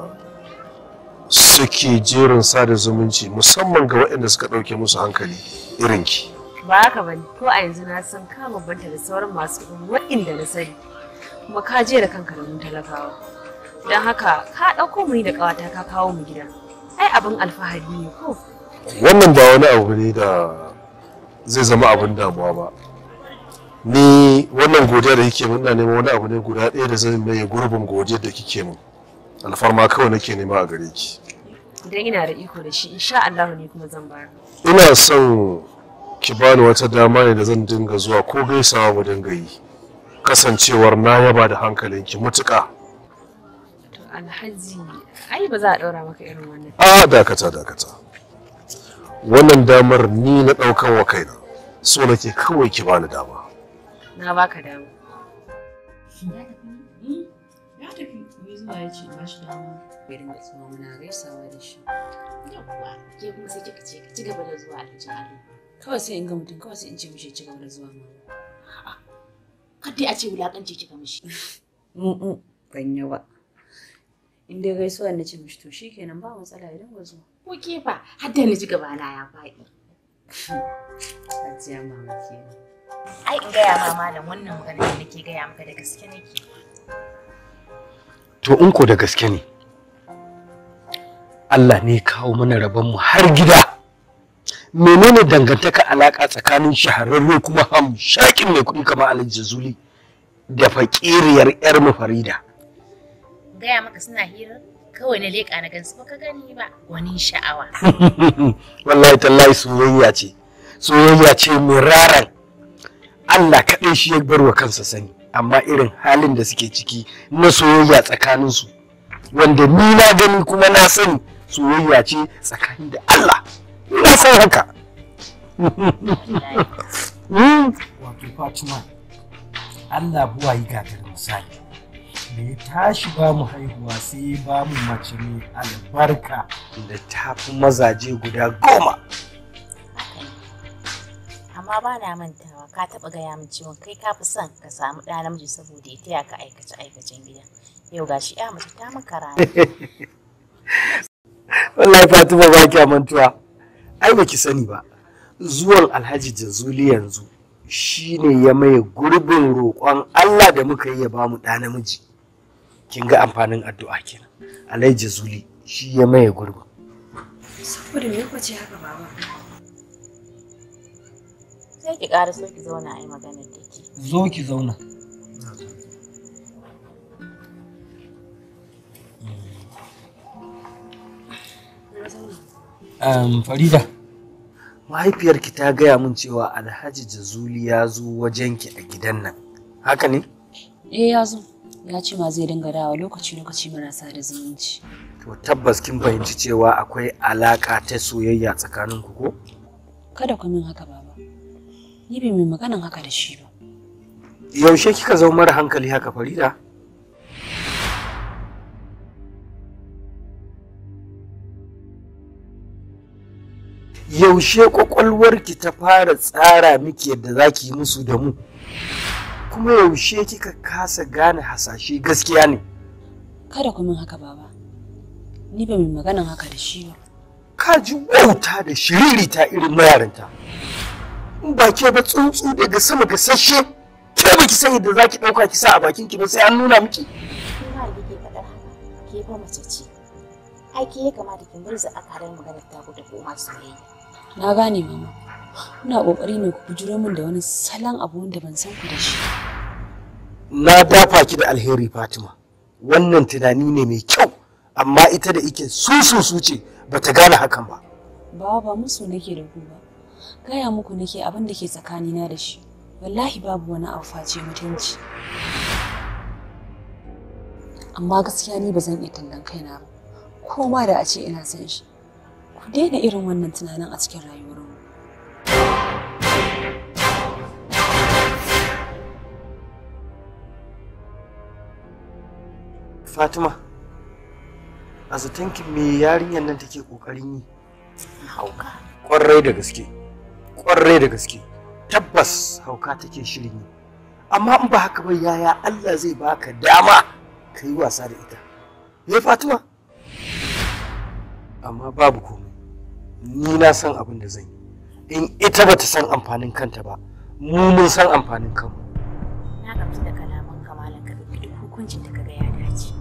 sake jerin sada zumunci musamman ga waɗanda suka ɗauke musu hankali irin ki. Ba haka ba ko a yanzu na san ka bambanta da sauran masu waɗanda na sani kuma ka je da kanka da mun talakawa. Don haka ka ɗauko mu yi da ƙawata ka kawo mu gida. Ai abin alfahari ne ko. Wannan ba wani abu ne da zai zama abin damuwa ba. Ni wannan godiya da kike mun na nema wani abu ne guda ɗaya da zai mai gurbin godiyar da kike mun. alfarma kawai nake nema a gare ki idan ina da iko da shi insha Allah ne kuma zan bayar ina son ki bani wata dama ne da zan dinga zuwa ko gaisawa mu dinga yi kasancewar na yaba da hankalinki mutuka to alhaji ai ba za a daura maka irin wannan a dakata dakata wannan damar ni na daukar wa kaina so nake kawai ki bani dama na baka dama ya tafi eh, ya tafi zuwa ya ce ba shi dama kawai sai in ga mutum kawai sai in ce mishi da zuwa dai a ce wulakanci mishi mu'u ban yi ba in dai na ce mishi to shikenan ba matsala zuwa ko ke fa gaba na ya faɗi mama kenan. Ai in gaya ma malam wannan magana da nake gaya maka da gaske nake. To in ko da gaske ne, Allah ne kawo mana rabon mu har gida menene dangantaka alaƙa tsakanin shahararru kuma shakin mai kuɗi kamar alhaji zuli da fakiriyar yar mu farida gaya maka suna hira kawai na leƙa na gansu ka gani ba wani sha'awa wallahi tallahi soyayya ce soyayya ce miraran Allah kaɗai shi ya bar wa kansa sani amma irin halin da suke ciki na soyayya tsakaninsu wanda ni na gani kuma na sani soyayya ce tsakani da Allah Ina san haka hmm? wato Fatima Allah buwa yi gagar misali da ya tashi ba mu haihuwa sai ya ba mu mace mai albarka da tafi mazaje guda goma amma ba na mantawa ka taɓa gaya min cewa kai ka fi son ka samu ɗa namiji saboda ya taya ka aikace aikacen gida yau gashi ya mace ta maka rana wallahi fatima ba ki mantuwa ai ba ki sani ba zuwan alhaji jazuli yanzu shine ya maye gurbin roƙon allah da muka yi ya ba mu ɗa namiji kin ga amfanin addu'a kenan alhaji jazuli shi ya maye gurbin saboda me kwace haka baba sai ki ƙara so ki zauna a yi maganar da zo ki zauna Um, Farida. Mahaifiyarki ta gaya min cewa Alhaji Jazuli ya zo wajenki a gidan nan. Haka ne? Eh ya zo. Ya ce ma zai dinga dawa lokaci-lokaci marasa da zumunci. To tabbas kin fahimci cewa akwai alaka ta soyayya tsakanin ku ko? Kada ku min haka baba. Ni bai mai maganan haka da shi ba. Yaushe kika zo mara hankali haka Farida? yaushe kwakwalwarki ta fara tsara miki yadda za ki yi musu da mu kuma yaushe kika kasa gane hasashe gaskiya ne kada ku min haka baba ni ba mai maganan haka da shi ba ka ji wauta da shiririta irin mayarinta in ba ke ba tsuntsu daga sama ga sashe ke ba ki san yadda za ki ɗauka ki sa a bakin ki ba sai an nuna miki kuma ke faɗar haka ke ba mace ce ya kamata ki murza akarin maganar ta ku da koma soyayya Na gane mama. muna kokari ne ku bujuro min da wani salon abu wanda ban san ku da shi. Na dafa ki da alheri Fatima. Wannan tunani ne mai kyau amma ita da ike susu ce ta gane hakan ba. Ba ba musu nake da ku ba. Gaya muku nake abin da ke tsakanina da shi. Wallahi babu wani abu face mutunci. Amma gaskiya ni ba zan iya tallan kaina ba. Ko ma da a ce ina san shi. ku daina irin wannan tunanin a cikin rayuwar mu Fatima a zatonki me yarinyar nan take kokarin yi hauka kwarai da gaske kwarai da gaske tabbas hauka take shirin yi amma in ba haka ba yaya Allah zai baka dama ka yi wasa da ita Ya eh, Fatima amma babu komai ni na san abin da zan yi in ita ba ta san amfanin kanta ba mu mun san amfanin kanmu na gamsu da kalaman kamalan ka hukuncin da kaga ya dace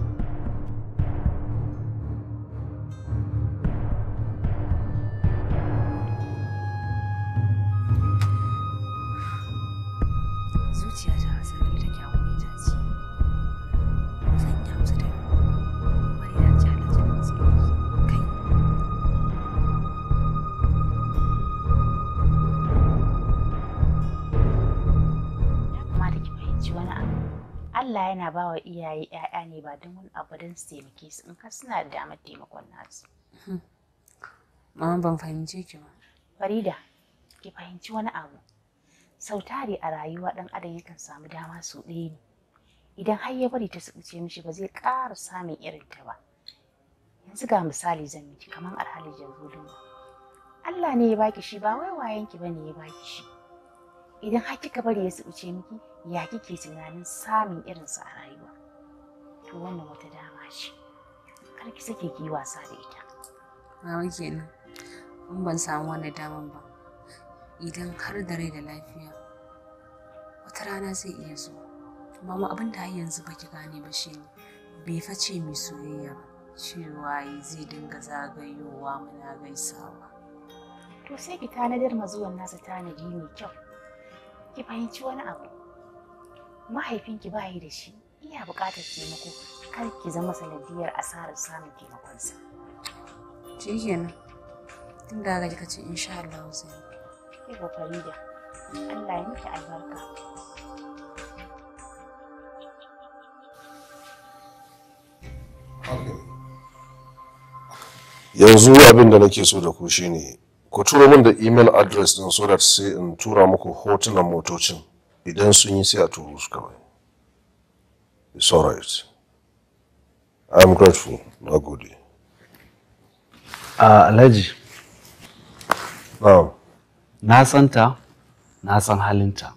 yana ba wa iyaye ‘ya'ya ne ba don wani abu don su taimake su in ka suna da damar taimakon nasu. Hmm. Mama ban fahimce ki ba. Farida, ki fahimci wani abu. Sau tare a rayuwa ɗan adam yakan samu dama sau ɗaya ne. Idan har ya bari ta suɓuce mishi ba zai ƙara samun irin ta ba. Yanzu ga misali zan miki kamar alhali jazurin Allah ne ya baki shi ba wai wayanki ne ya baki shi. Idan har kika bari ya su suɓuce miki ya kike tunanin samun irin irinsa a rayuwa to wannan wata dama ce kar ki sake ki wasa da ita mama kenan in ban samu wannan daman ba idan har da rai da lafiya wata rana zai iya Ba mu abin da yanzu ki gane ba shi ne bai face mai soyayya ba cewa zai dinga zagayowa muna gaisawa to sai ki tanadar ma nasa tanadi mai kyau ki fahimci wani abu mahaifinki ba yi da shi iya buƙatar taimako kar ki zama sanadiyar asarar samun taimakonsa. Shi kenan tun da gaji ka ce insha Allah zai Ki Allah ya miki albarka. Yanzu abin da nake so da ku shine ku tura min da email address din so that sai in tura muku hotunan motocin. idan sun yi sai a turu su kawai it's all right i'm grateful na gode a alhaji na santa na san halinta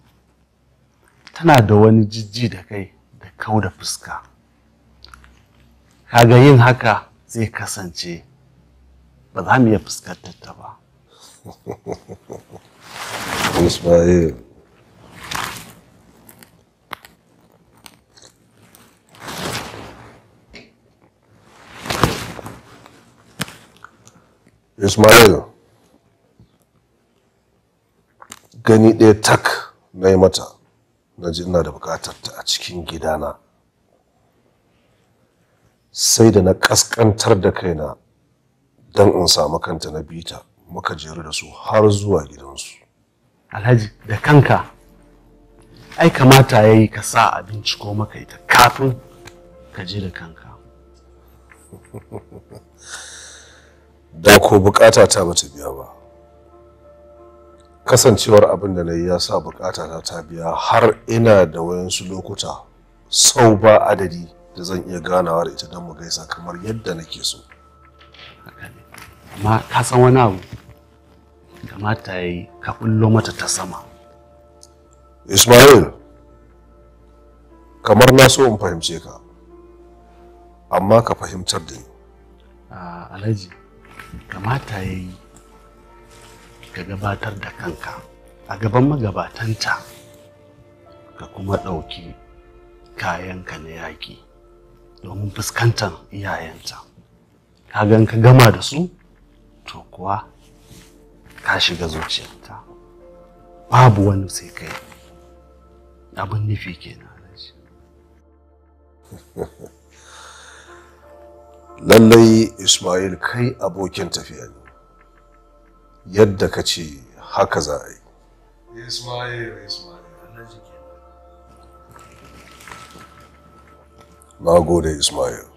tana da wani jijji da kai da kau da fuska kaga yin haka zai kasance ba za mu iya fuskantar ta ba Ismail ismail gani ɗaya tak na yi mata na ji ina da bukatar ta a cikin gidana sai da na ƙasƙantar da kaina don in samu kanta na bita muka jeru da su har zuwa gidansu alhaji da kanka ai kamata ya yi ka sa a binciko maka ita kafin ka je da kanka da ko bukata ta bata biya ba kasancewar abin da na yi ya sa bukata ta ta biya har ina da wayansu lokuta sau ba adadi da zan iya ganawa da ita don mu gaisa kamar yadda nake so amma ka san wani abu kamata ya yi ka kullo mata ta sama ismail kamar na so in fahimce ka amma ka fahimtar da ni ah, alhaji kamata ya yi ka gabatar da kanka a gaban magabatanta ka kuma ɗauki kayanka na yaƙi domin fuskantar iyayenta gan ka gama da su to kuwa ka shiga zuciyarta babu wani sai kai abin nufi kenan Ha lallai ismail kai abokin tafiya ne yadda ka ce haka za a yi na gode ismail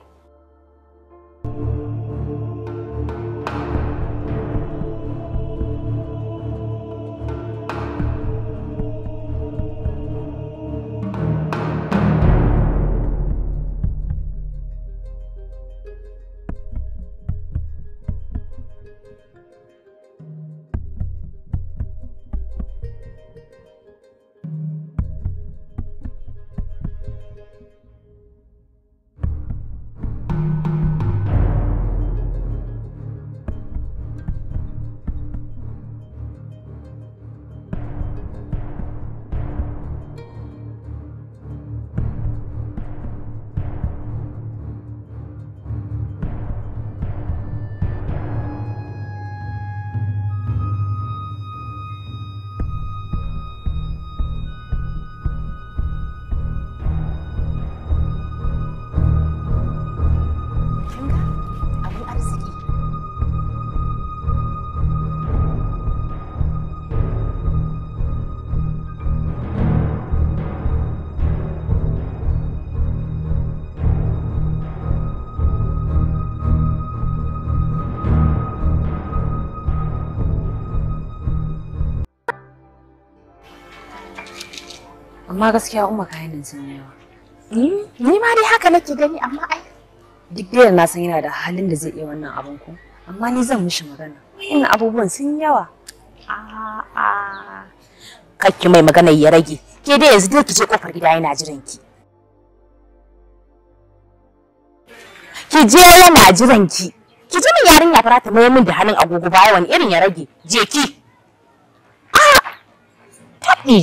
amma gaskiya umma hainin sun yawa ni ma dai haka nake gani amma ai duk da na san yana da halin da zai iya wannan abin ko amma ni zan mishi magana ina abubuwan sun yawa a a kakki mai magana ya rage ke dai yanzu dai ki je kofar gida yana jiran ki ki je yana jiran ki ki ji min yarinya fara ta mai min da hannun agogo ba wani irin ya rage je ki a tabbi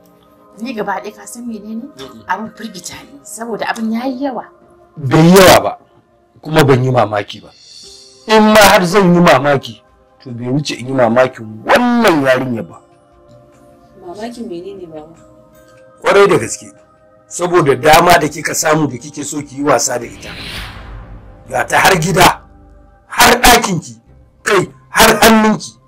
ni gaba ɗaya ka san menene abin firgita ne saboda abin ya yi yawa bai yawa ba kuma ban yi mamaki ba in ma har zan yi mamaki to bai wuce in yi mamakin wannan yarinya ba mamakin menene ba kwarai da gaske saboda dama da kika samu da kike so ki yi wasa da ita ga ta har gida har ɗakinki kai har hannunki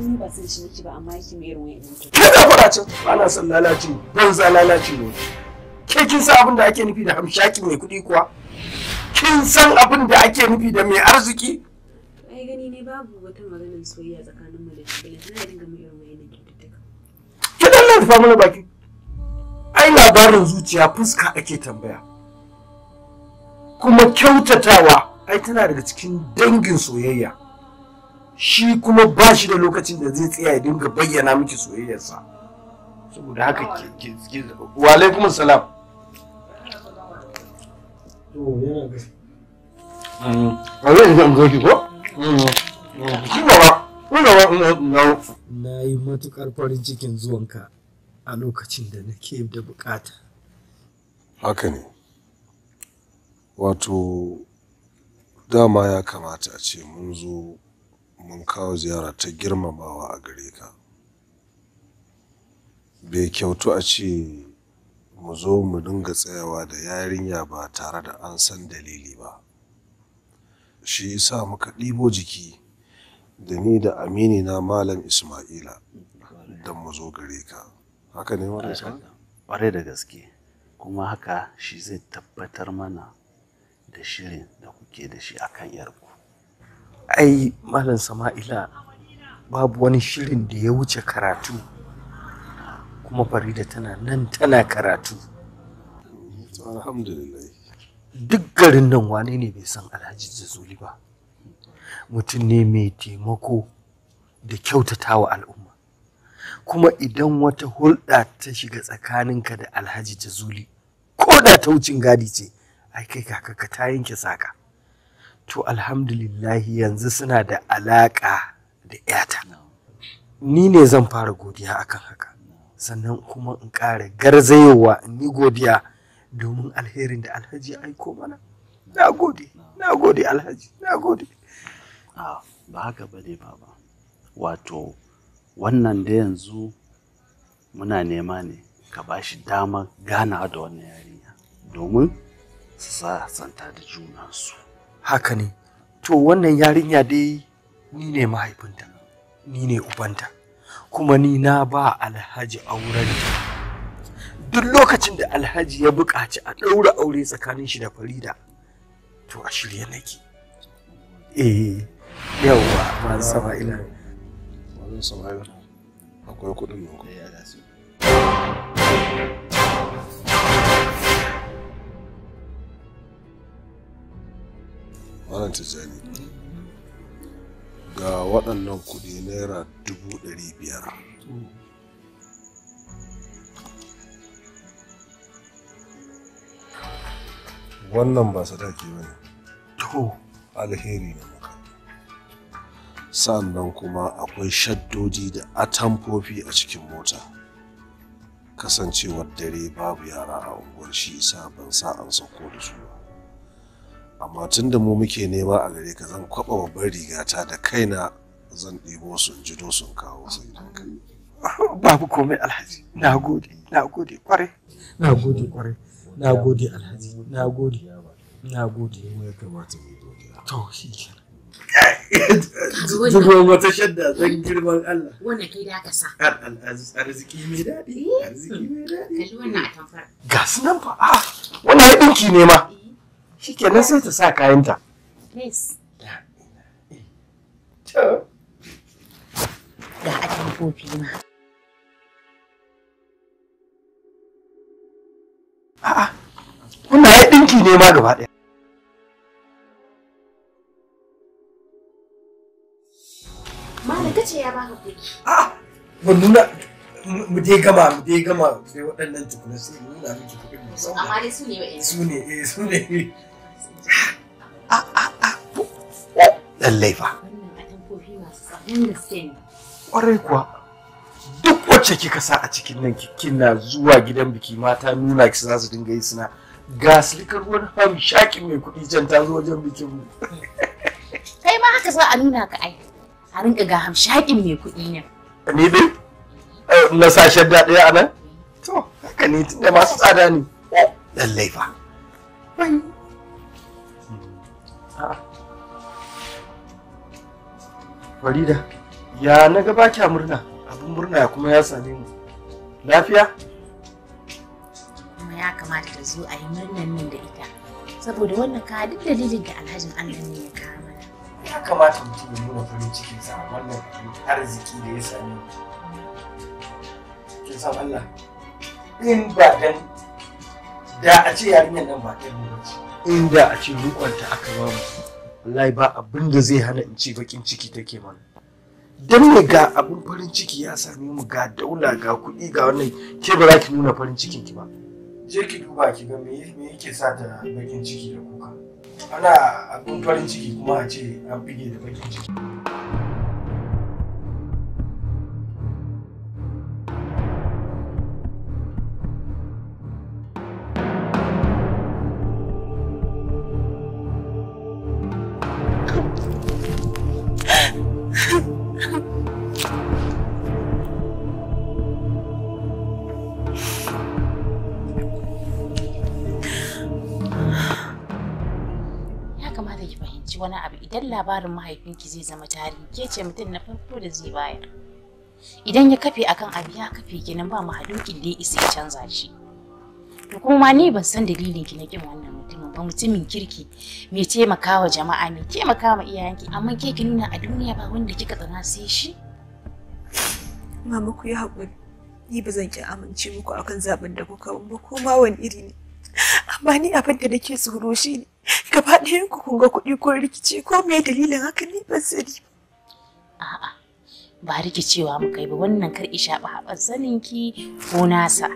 ni ba san shi nake ba amma yake mai irin wa'in mutum. Kai da faɗa ce ana son lalaci banza lalaci ne. Ke kin san abin da ake nufi da hamshaki mai kuɗi kuwa? Kin san abin da ake nufi da mai arziki? Ai gani ne babu wata maganar soyayya tsakanin mu da shi balantana ya dinga mai irin wa'in cututtuka. Ki dan lantafa mana baki. Ai labarin zuciya fuska ake tambaya. Kuma kyautatawa ai tana daga cikin dangin soyayya. shi kuma ba shi da lokacin da zai tsaya ya dinga bayyana miki soyayyarsa saboda haka wa alaikum salam mm. mm. na yi matukar farin cikin zuwanka a lokacin da nake da bukata haka ne wato dama ya kamata a ce mun zo mun kawo ziyara ta girmamawa a gare ka bai kyautu a ce mu zo mu dinga tsayawa da yarinya ba tare da an san dalili ba shi yasa muka ɗibo jiki da ni da amini na malam ismaila don mu zo gare ka haka ne wani da gaske kuma haka shi zai tabbatar mana da shirin da kuke da shi akan yarku ai malam sama'ila babu wani shirin da ya wuce karatu kuma farida tana nan tana karatu alhamdulillah duk garin nan wane ne bai san alhaji zazuli ba mutum ne mai taimako da kyautata wa al'umma kuma idan wata hulɗa ta shiga tsakaninka da alhaji jazuli ko da ta wucin gadi ce ai kai kaka ka ta yanke saka to alhamdulillah yanzu suna da alaƙa da ‘yata. Ni ne zan fara godiya akan haka, sannan kuma in ƙara garzayewa in yi godiya domin alherin da alhaji aiko mana. Na gode, na gode alhaji, na gode. Ba haka ba dai baba, wato wannan da yanzu muna nema ne ka ba shi damar gana da wannan yarinya domin su sa santa da junansu. haka ne to wannan yarinya dai ni ne mahaifinta ni ne ubanta kuma ni na ba alhaji auren duk lokacin da alhaji ya buƙaci a ɗaura aure tsakanin shi da farida to a shirye nake eh yawa ba sama ila akwai kuɗin mako malam tijani ga waɗannan kuɗi naira dubu ɗari biyar wannan ba sadaki ba ne to alheri ne maka sa'annan kuma akwai shaddoji da atamfofi a cikin mota kasancewar dare babu yara a unguwar shi sa ban sako da su ba amma tun da mu muke nema a gare ka zan kwaɓa babbar rigata da kaina zan ɗebo sun jido sun kawo sun gidanka babu komai alhaji na gode na gode kwarai na gode kwarai na gode alhaji na gode na gode mu ya kamata mu godiya to shi Zubo wata shadda zan girman Allah. Wanda kai da ka sa. Arziki mai daɗi. Eh. Arziki mai daɗi. Kalli wannan atamfar. Ga su nan fa. Ah, wannan ɗinki ne ma. shikenan sai ta sa kayanta please ga atamfofi ma a'a wannan ya ɗinki ne ma gaba ɗaya Mala ce ya ba ka kuɗi. A'a, ban nuna mu dai gama mu dai gama sai waɗannan tukunan sai nuna miki kuɗin musamman. Amma dai su ne wa'in. Su ne, eh su ne. ɗan laifa. Ƙwarai kuwa duk wacce kika sa a cikin nan kina zuwa gidan biki mata nuna ki za su dinga yi suna ga silikar wani fam shakin mai kuɗi can ta zo wajen bikin mu. Kai ma haka za a nuna ka ai a rinka ga hamshakin mai kuɗi ne. Ni dai eh, na sa shadda ɗaya a nan? To haka ne tunda masu tsada ne. Ɗan laifa. A'a. Farida, ya na ga kya murna, abin murna kuma ya same mu. Lafiya? Kuma ya kamata ta zo a yi murnan nan da ita, saboda wannan ka duk dalilin da alhajin Allah ne ya kawo mana. Ya kamata mutum ya nuna farin cikin sa wannan arziki da ya same mu. Kin san Allah, in ba dan da a ce yarinyar nan ba ta mu ba ce. In da a ce rukunta aka ba mu. wallahi ba abin da zai hana in ci bakin ciki take mana dan ne ga abin farin ciki ya same mu ga daula ga kuɗi ga wannan ke ba za ki nuna farin cikin ki ba je ki duba ki ga me me yake sa ta bakin ciki da kuka ana abin farin ciki kuma a ce an bige da bakin ciki labarin mahaifinki zai zama tarihi ke ce mutum na farko da zai bayar idan ya kafe akan abu ya kafe ginin, ba mu da ya isa ya canza shi to kuma ni ban san dalilin ki na kin wannan mutumin ba mutumin kirki mai taimakawa jama'a mai taimakawa iyayenki amma ke ki nuna a duniya ba wanda kika tsana sai shi mama ku yi haƙuri ni ba zan ki amince muku akan zaben da kuka ba ko wani iri ne amma ni abin da nake tsoro shi ne gaba ɗayan ku kun ga kuɗi ko rikici ko me dalilin haka ne ban sani a'a ba rikicewa mu kai ba wannan kar isha ba haɓar sanin ki ko nasa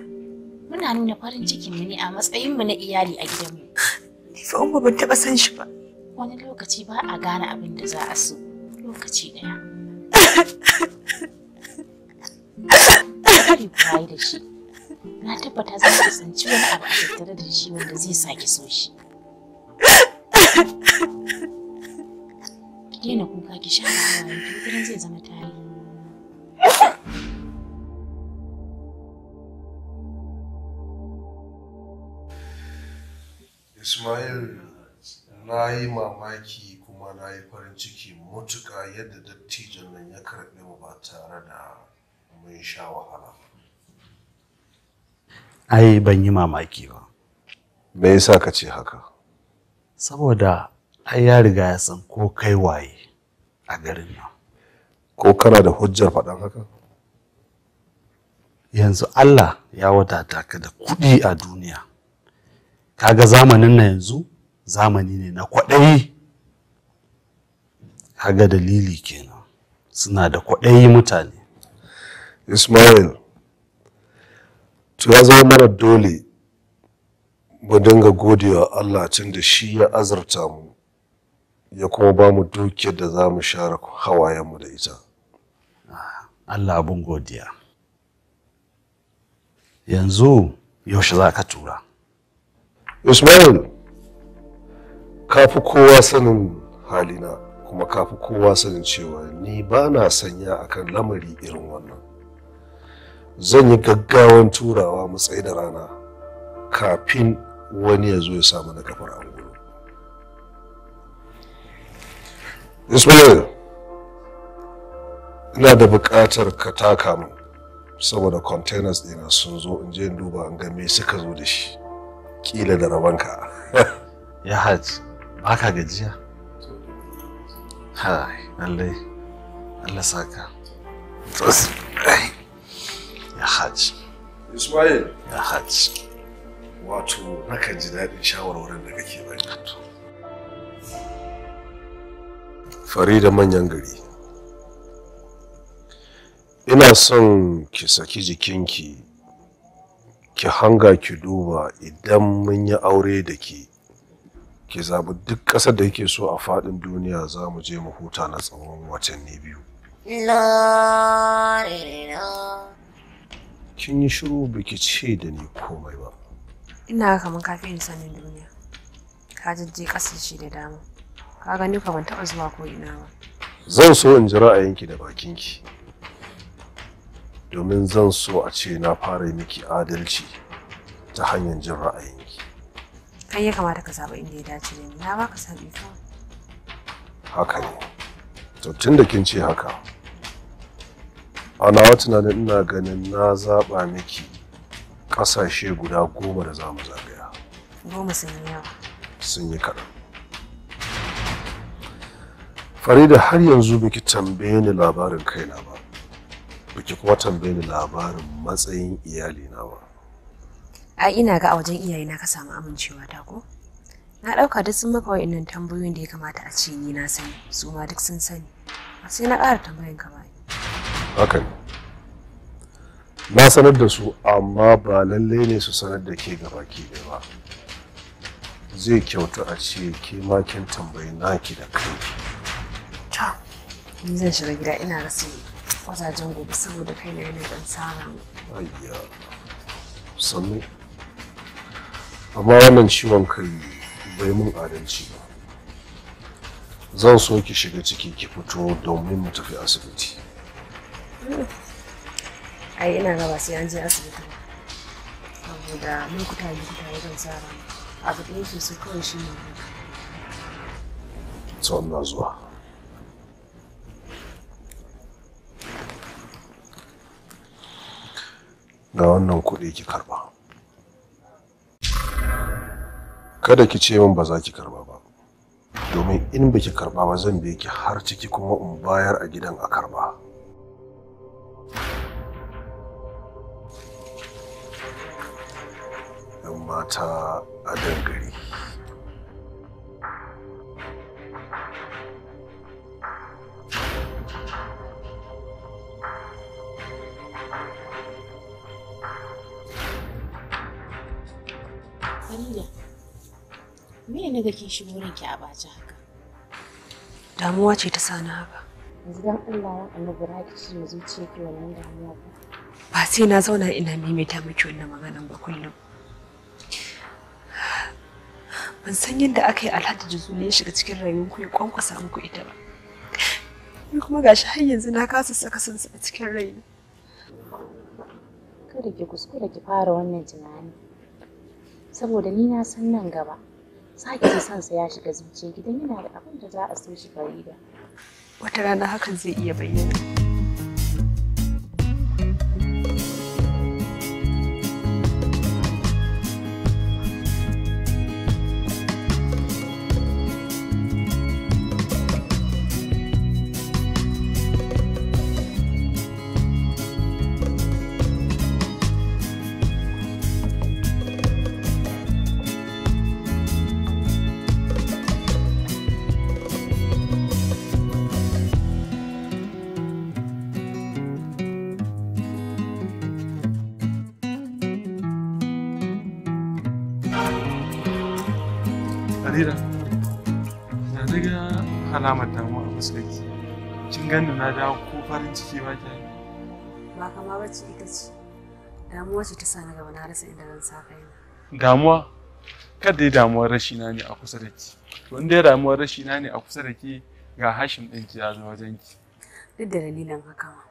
muna nuna farin cikin mu ne a matsayin mu na iyali a gidanmu ni fa umma ban taɓa san shi ba wani lokaci ba a gane abin da za a so lokaci ɗaya da shi. na tabbata za ka sanci wani abu a tattare da shi wanda zai sa ki so shi ki daina kuka ki sha ruwan ki wurin zai zama tare. Ismail na yi mamaki kuma na yi farin ciki matuƙa yadda dattijon nan ya karɓi mu ba tare da mun sha wahala. ai ban yi mamaki ba me yasa ka ce haka saboda ai ya riga ya san ko kai waye a garin nan ko kana da hujjar faɗan haka yanzu Allah ya wadata ka da kuɗi a duniya kaga zamanin na yanzu zamani ne na kwaɗayi kaga dalili kenan suna da kwaɗayi mutane Ismail to ya zama mara dole mu dinga godewa Allah tun da shi ya azurta mu ya kuma ba mu dukiyar da za mu share hawayenmu da ita Allah abun godiya yanzu yaushe za ka tura Usman ka fi kowa sanin halina kuma ka fi kowa sanin cewa ni ba na sanya akan lamari irin wannan zan yi gaggawan turawa matsayi da rana kafin wani ya zo ya samu na kafar angulu ismail ina da buƙatar ka taka mu saboda containers ɗina sun zo in je in duba an ga me suka zo da shi kila da rabanka ya hajji ba ka gajiya hai allai, allah saka ya ismail ya wato nakan ji daɗin shawarwarin da kake bani farida manyan gari ina son ki saki jikinki ki hanga ki duba idan mun yi aure da ki ki zaɓi duk ƙasar da kike so a faɗin duniya za mu je mu huta na tsawon watanni biyu kin yi shiru baki ce da ni komai ba ina kaman kafi ni sanin duniya ka jajje kasar da dama ka gani fa ban taɓa zuwa ko ina ba zan so in ji ra'ayinki da bakinki domin zan so a ce na fara miki adalci ta hanyar jin ra'ayinki kai ya kamata ka saba inda ya dace da ni na baka sabi ko? haka ne to tun da kin ce haka Ana wa tunanin ina ganin na zaba miki ƙasashe guda goma da zamu zagaya goma sun yi yawa sun yi kaɗan farida har yanzu biki tambaye ni labarin kaina ba biki kuma tambaye ni labarin matsayin iyalina ba a ina ga a wajen iyayena ka samu amincewa ta ko na ɗauka duk sun maka wa'innan tambayoyin da ya kamata a ce ni na sani su ma duk sun sani sai na ƙara tambayin ka ba haka ne na sanar da su amma ba lallai ne su sanar da ke gaba ke ba zai kyautu a ce ke makin tambayi naki da kai ni zan shiga gida ina rasu wajajen gobe saboda kai na yana dan tsara ayya sannu amma wannan ciwon kai bai mun adalci ba zan so ki shiga ciki ki fito domin mu tafi asibiti ai ina ga sai an je asibiti ba saboda lokuta lokuta wajen tsara abu da yake so kawai shi ne tsawon na zuwa ga wannan kuɗi ki karba kada ki ce min ba za ki karba ba domin in baki karba ba zan biya ki har ciki kuma in bayar a gidan a karba mata a dangare me ne kake shigo ki a baci haka damuwa ce ta sani haka yanzu dan Allah ya annabi raki ce zuciyarki wannan damuwa ba sai na zauna ina maimaita miki wannan maganan ba kullum ban san yadda aka yi alhaji juzuli ya shiga cikin rayuwar ku ya kwankwasa muku ita ba ni kuma gashi har yanzu na kasa saka sansa a cikin rai. kada ki kuskura ki fara wannan tunani saboda ni na san nan gaba sake ji sansa ya shiga zuciya gidan yana da abin da za a so shi farida wata rana hakan zai iya bayyana kin gani na dawo ko farin ciki ba ke ba kama ba bace ita ce damuwa ce ta sani gaba na rasa inda zan sa kaina damuwa kada dai damuwar rashi na ne a kusa da ki to inda dai damuwar rashi na ne a kusa da ki ga hashim din ki ya zo wajen ki duk da dalilin haka ma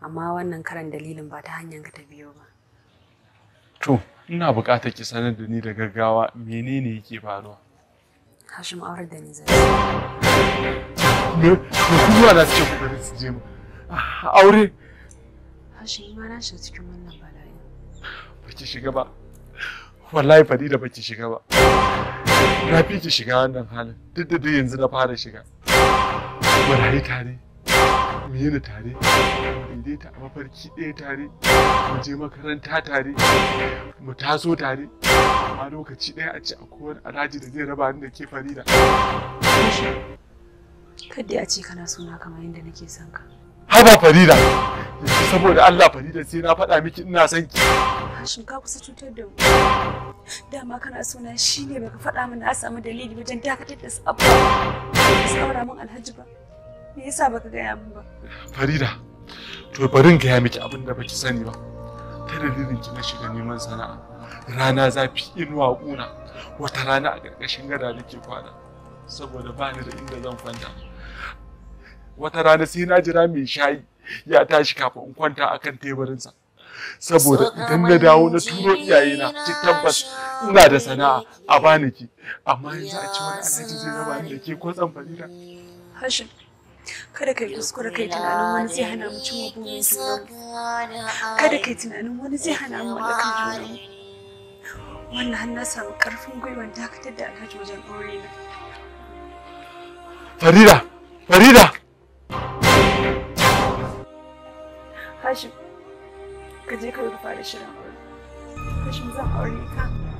amma wannan karan dalilin ba ta hanyar ka ta biyo ba to ina buƙatar ki sanar da ni da gaggawa menene yake faruwa Hashim aure da ni zai me kuma na aure baki shiga ba wallahi farida baki shiga ba na fi ki shiga wannan halin duk da dai yanzu na fara shiga mu rayu tare mu yi tare mu daidaita a mafarki ɗaya tare mu je makaranta tare mu taso tare amma lokaci ɗaya a ce a wani alhaji da zai raba ni da ke farida Kadda a ce kana suna kamar yadda nake son ka. Haba Farida, saboda Allah Farida sai na faɗa miki ina son ki. Shin ka kusa cutar da mu? Dama kana suna shi ne baka faɗa mana a samu dalili wajen dakatar da abu. Ba saura mun Alhaji ba. Me yasa baka gaya min ba? Farida, to bari in gaya miki abin da baki sani ba. Ta dalilin ki na shiga neman sana'a. Rana zafi inuwa ƙuna. Wata rana a ƙarƙashin gada nake kwana. Saboda ba ni da inda zan kwanta. wata rana sai na jira mai shayi ya tashi kafin in kwanta akan teburinsa saboda idan na dawo na turo iyayena ci tabbas ina da sana'a a bani ki amma yanzu a ci wani alhaji zai raba da ke ko zan farida hashim kada kai kuskura kai tunanin wani zai hana mu cin mai junan kada kai tunanin wani zai hana mu mallakan junan wannan har na samu karfin gwiwan dakatar da alhaji wajen aure na farida farida 是，可这可有办法是了？可是现在好厉害。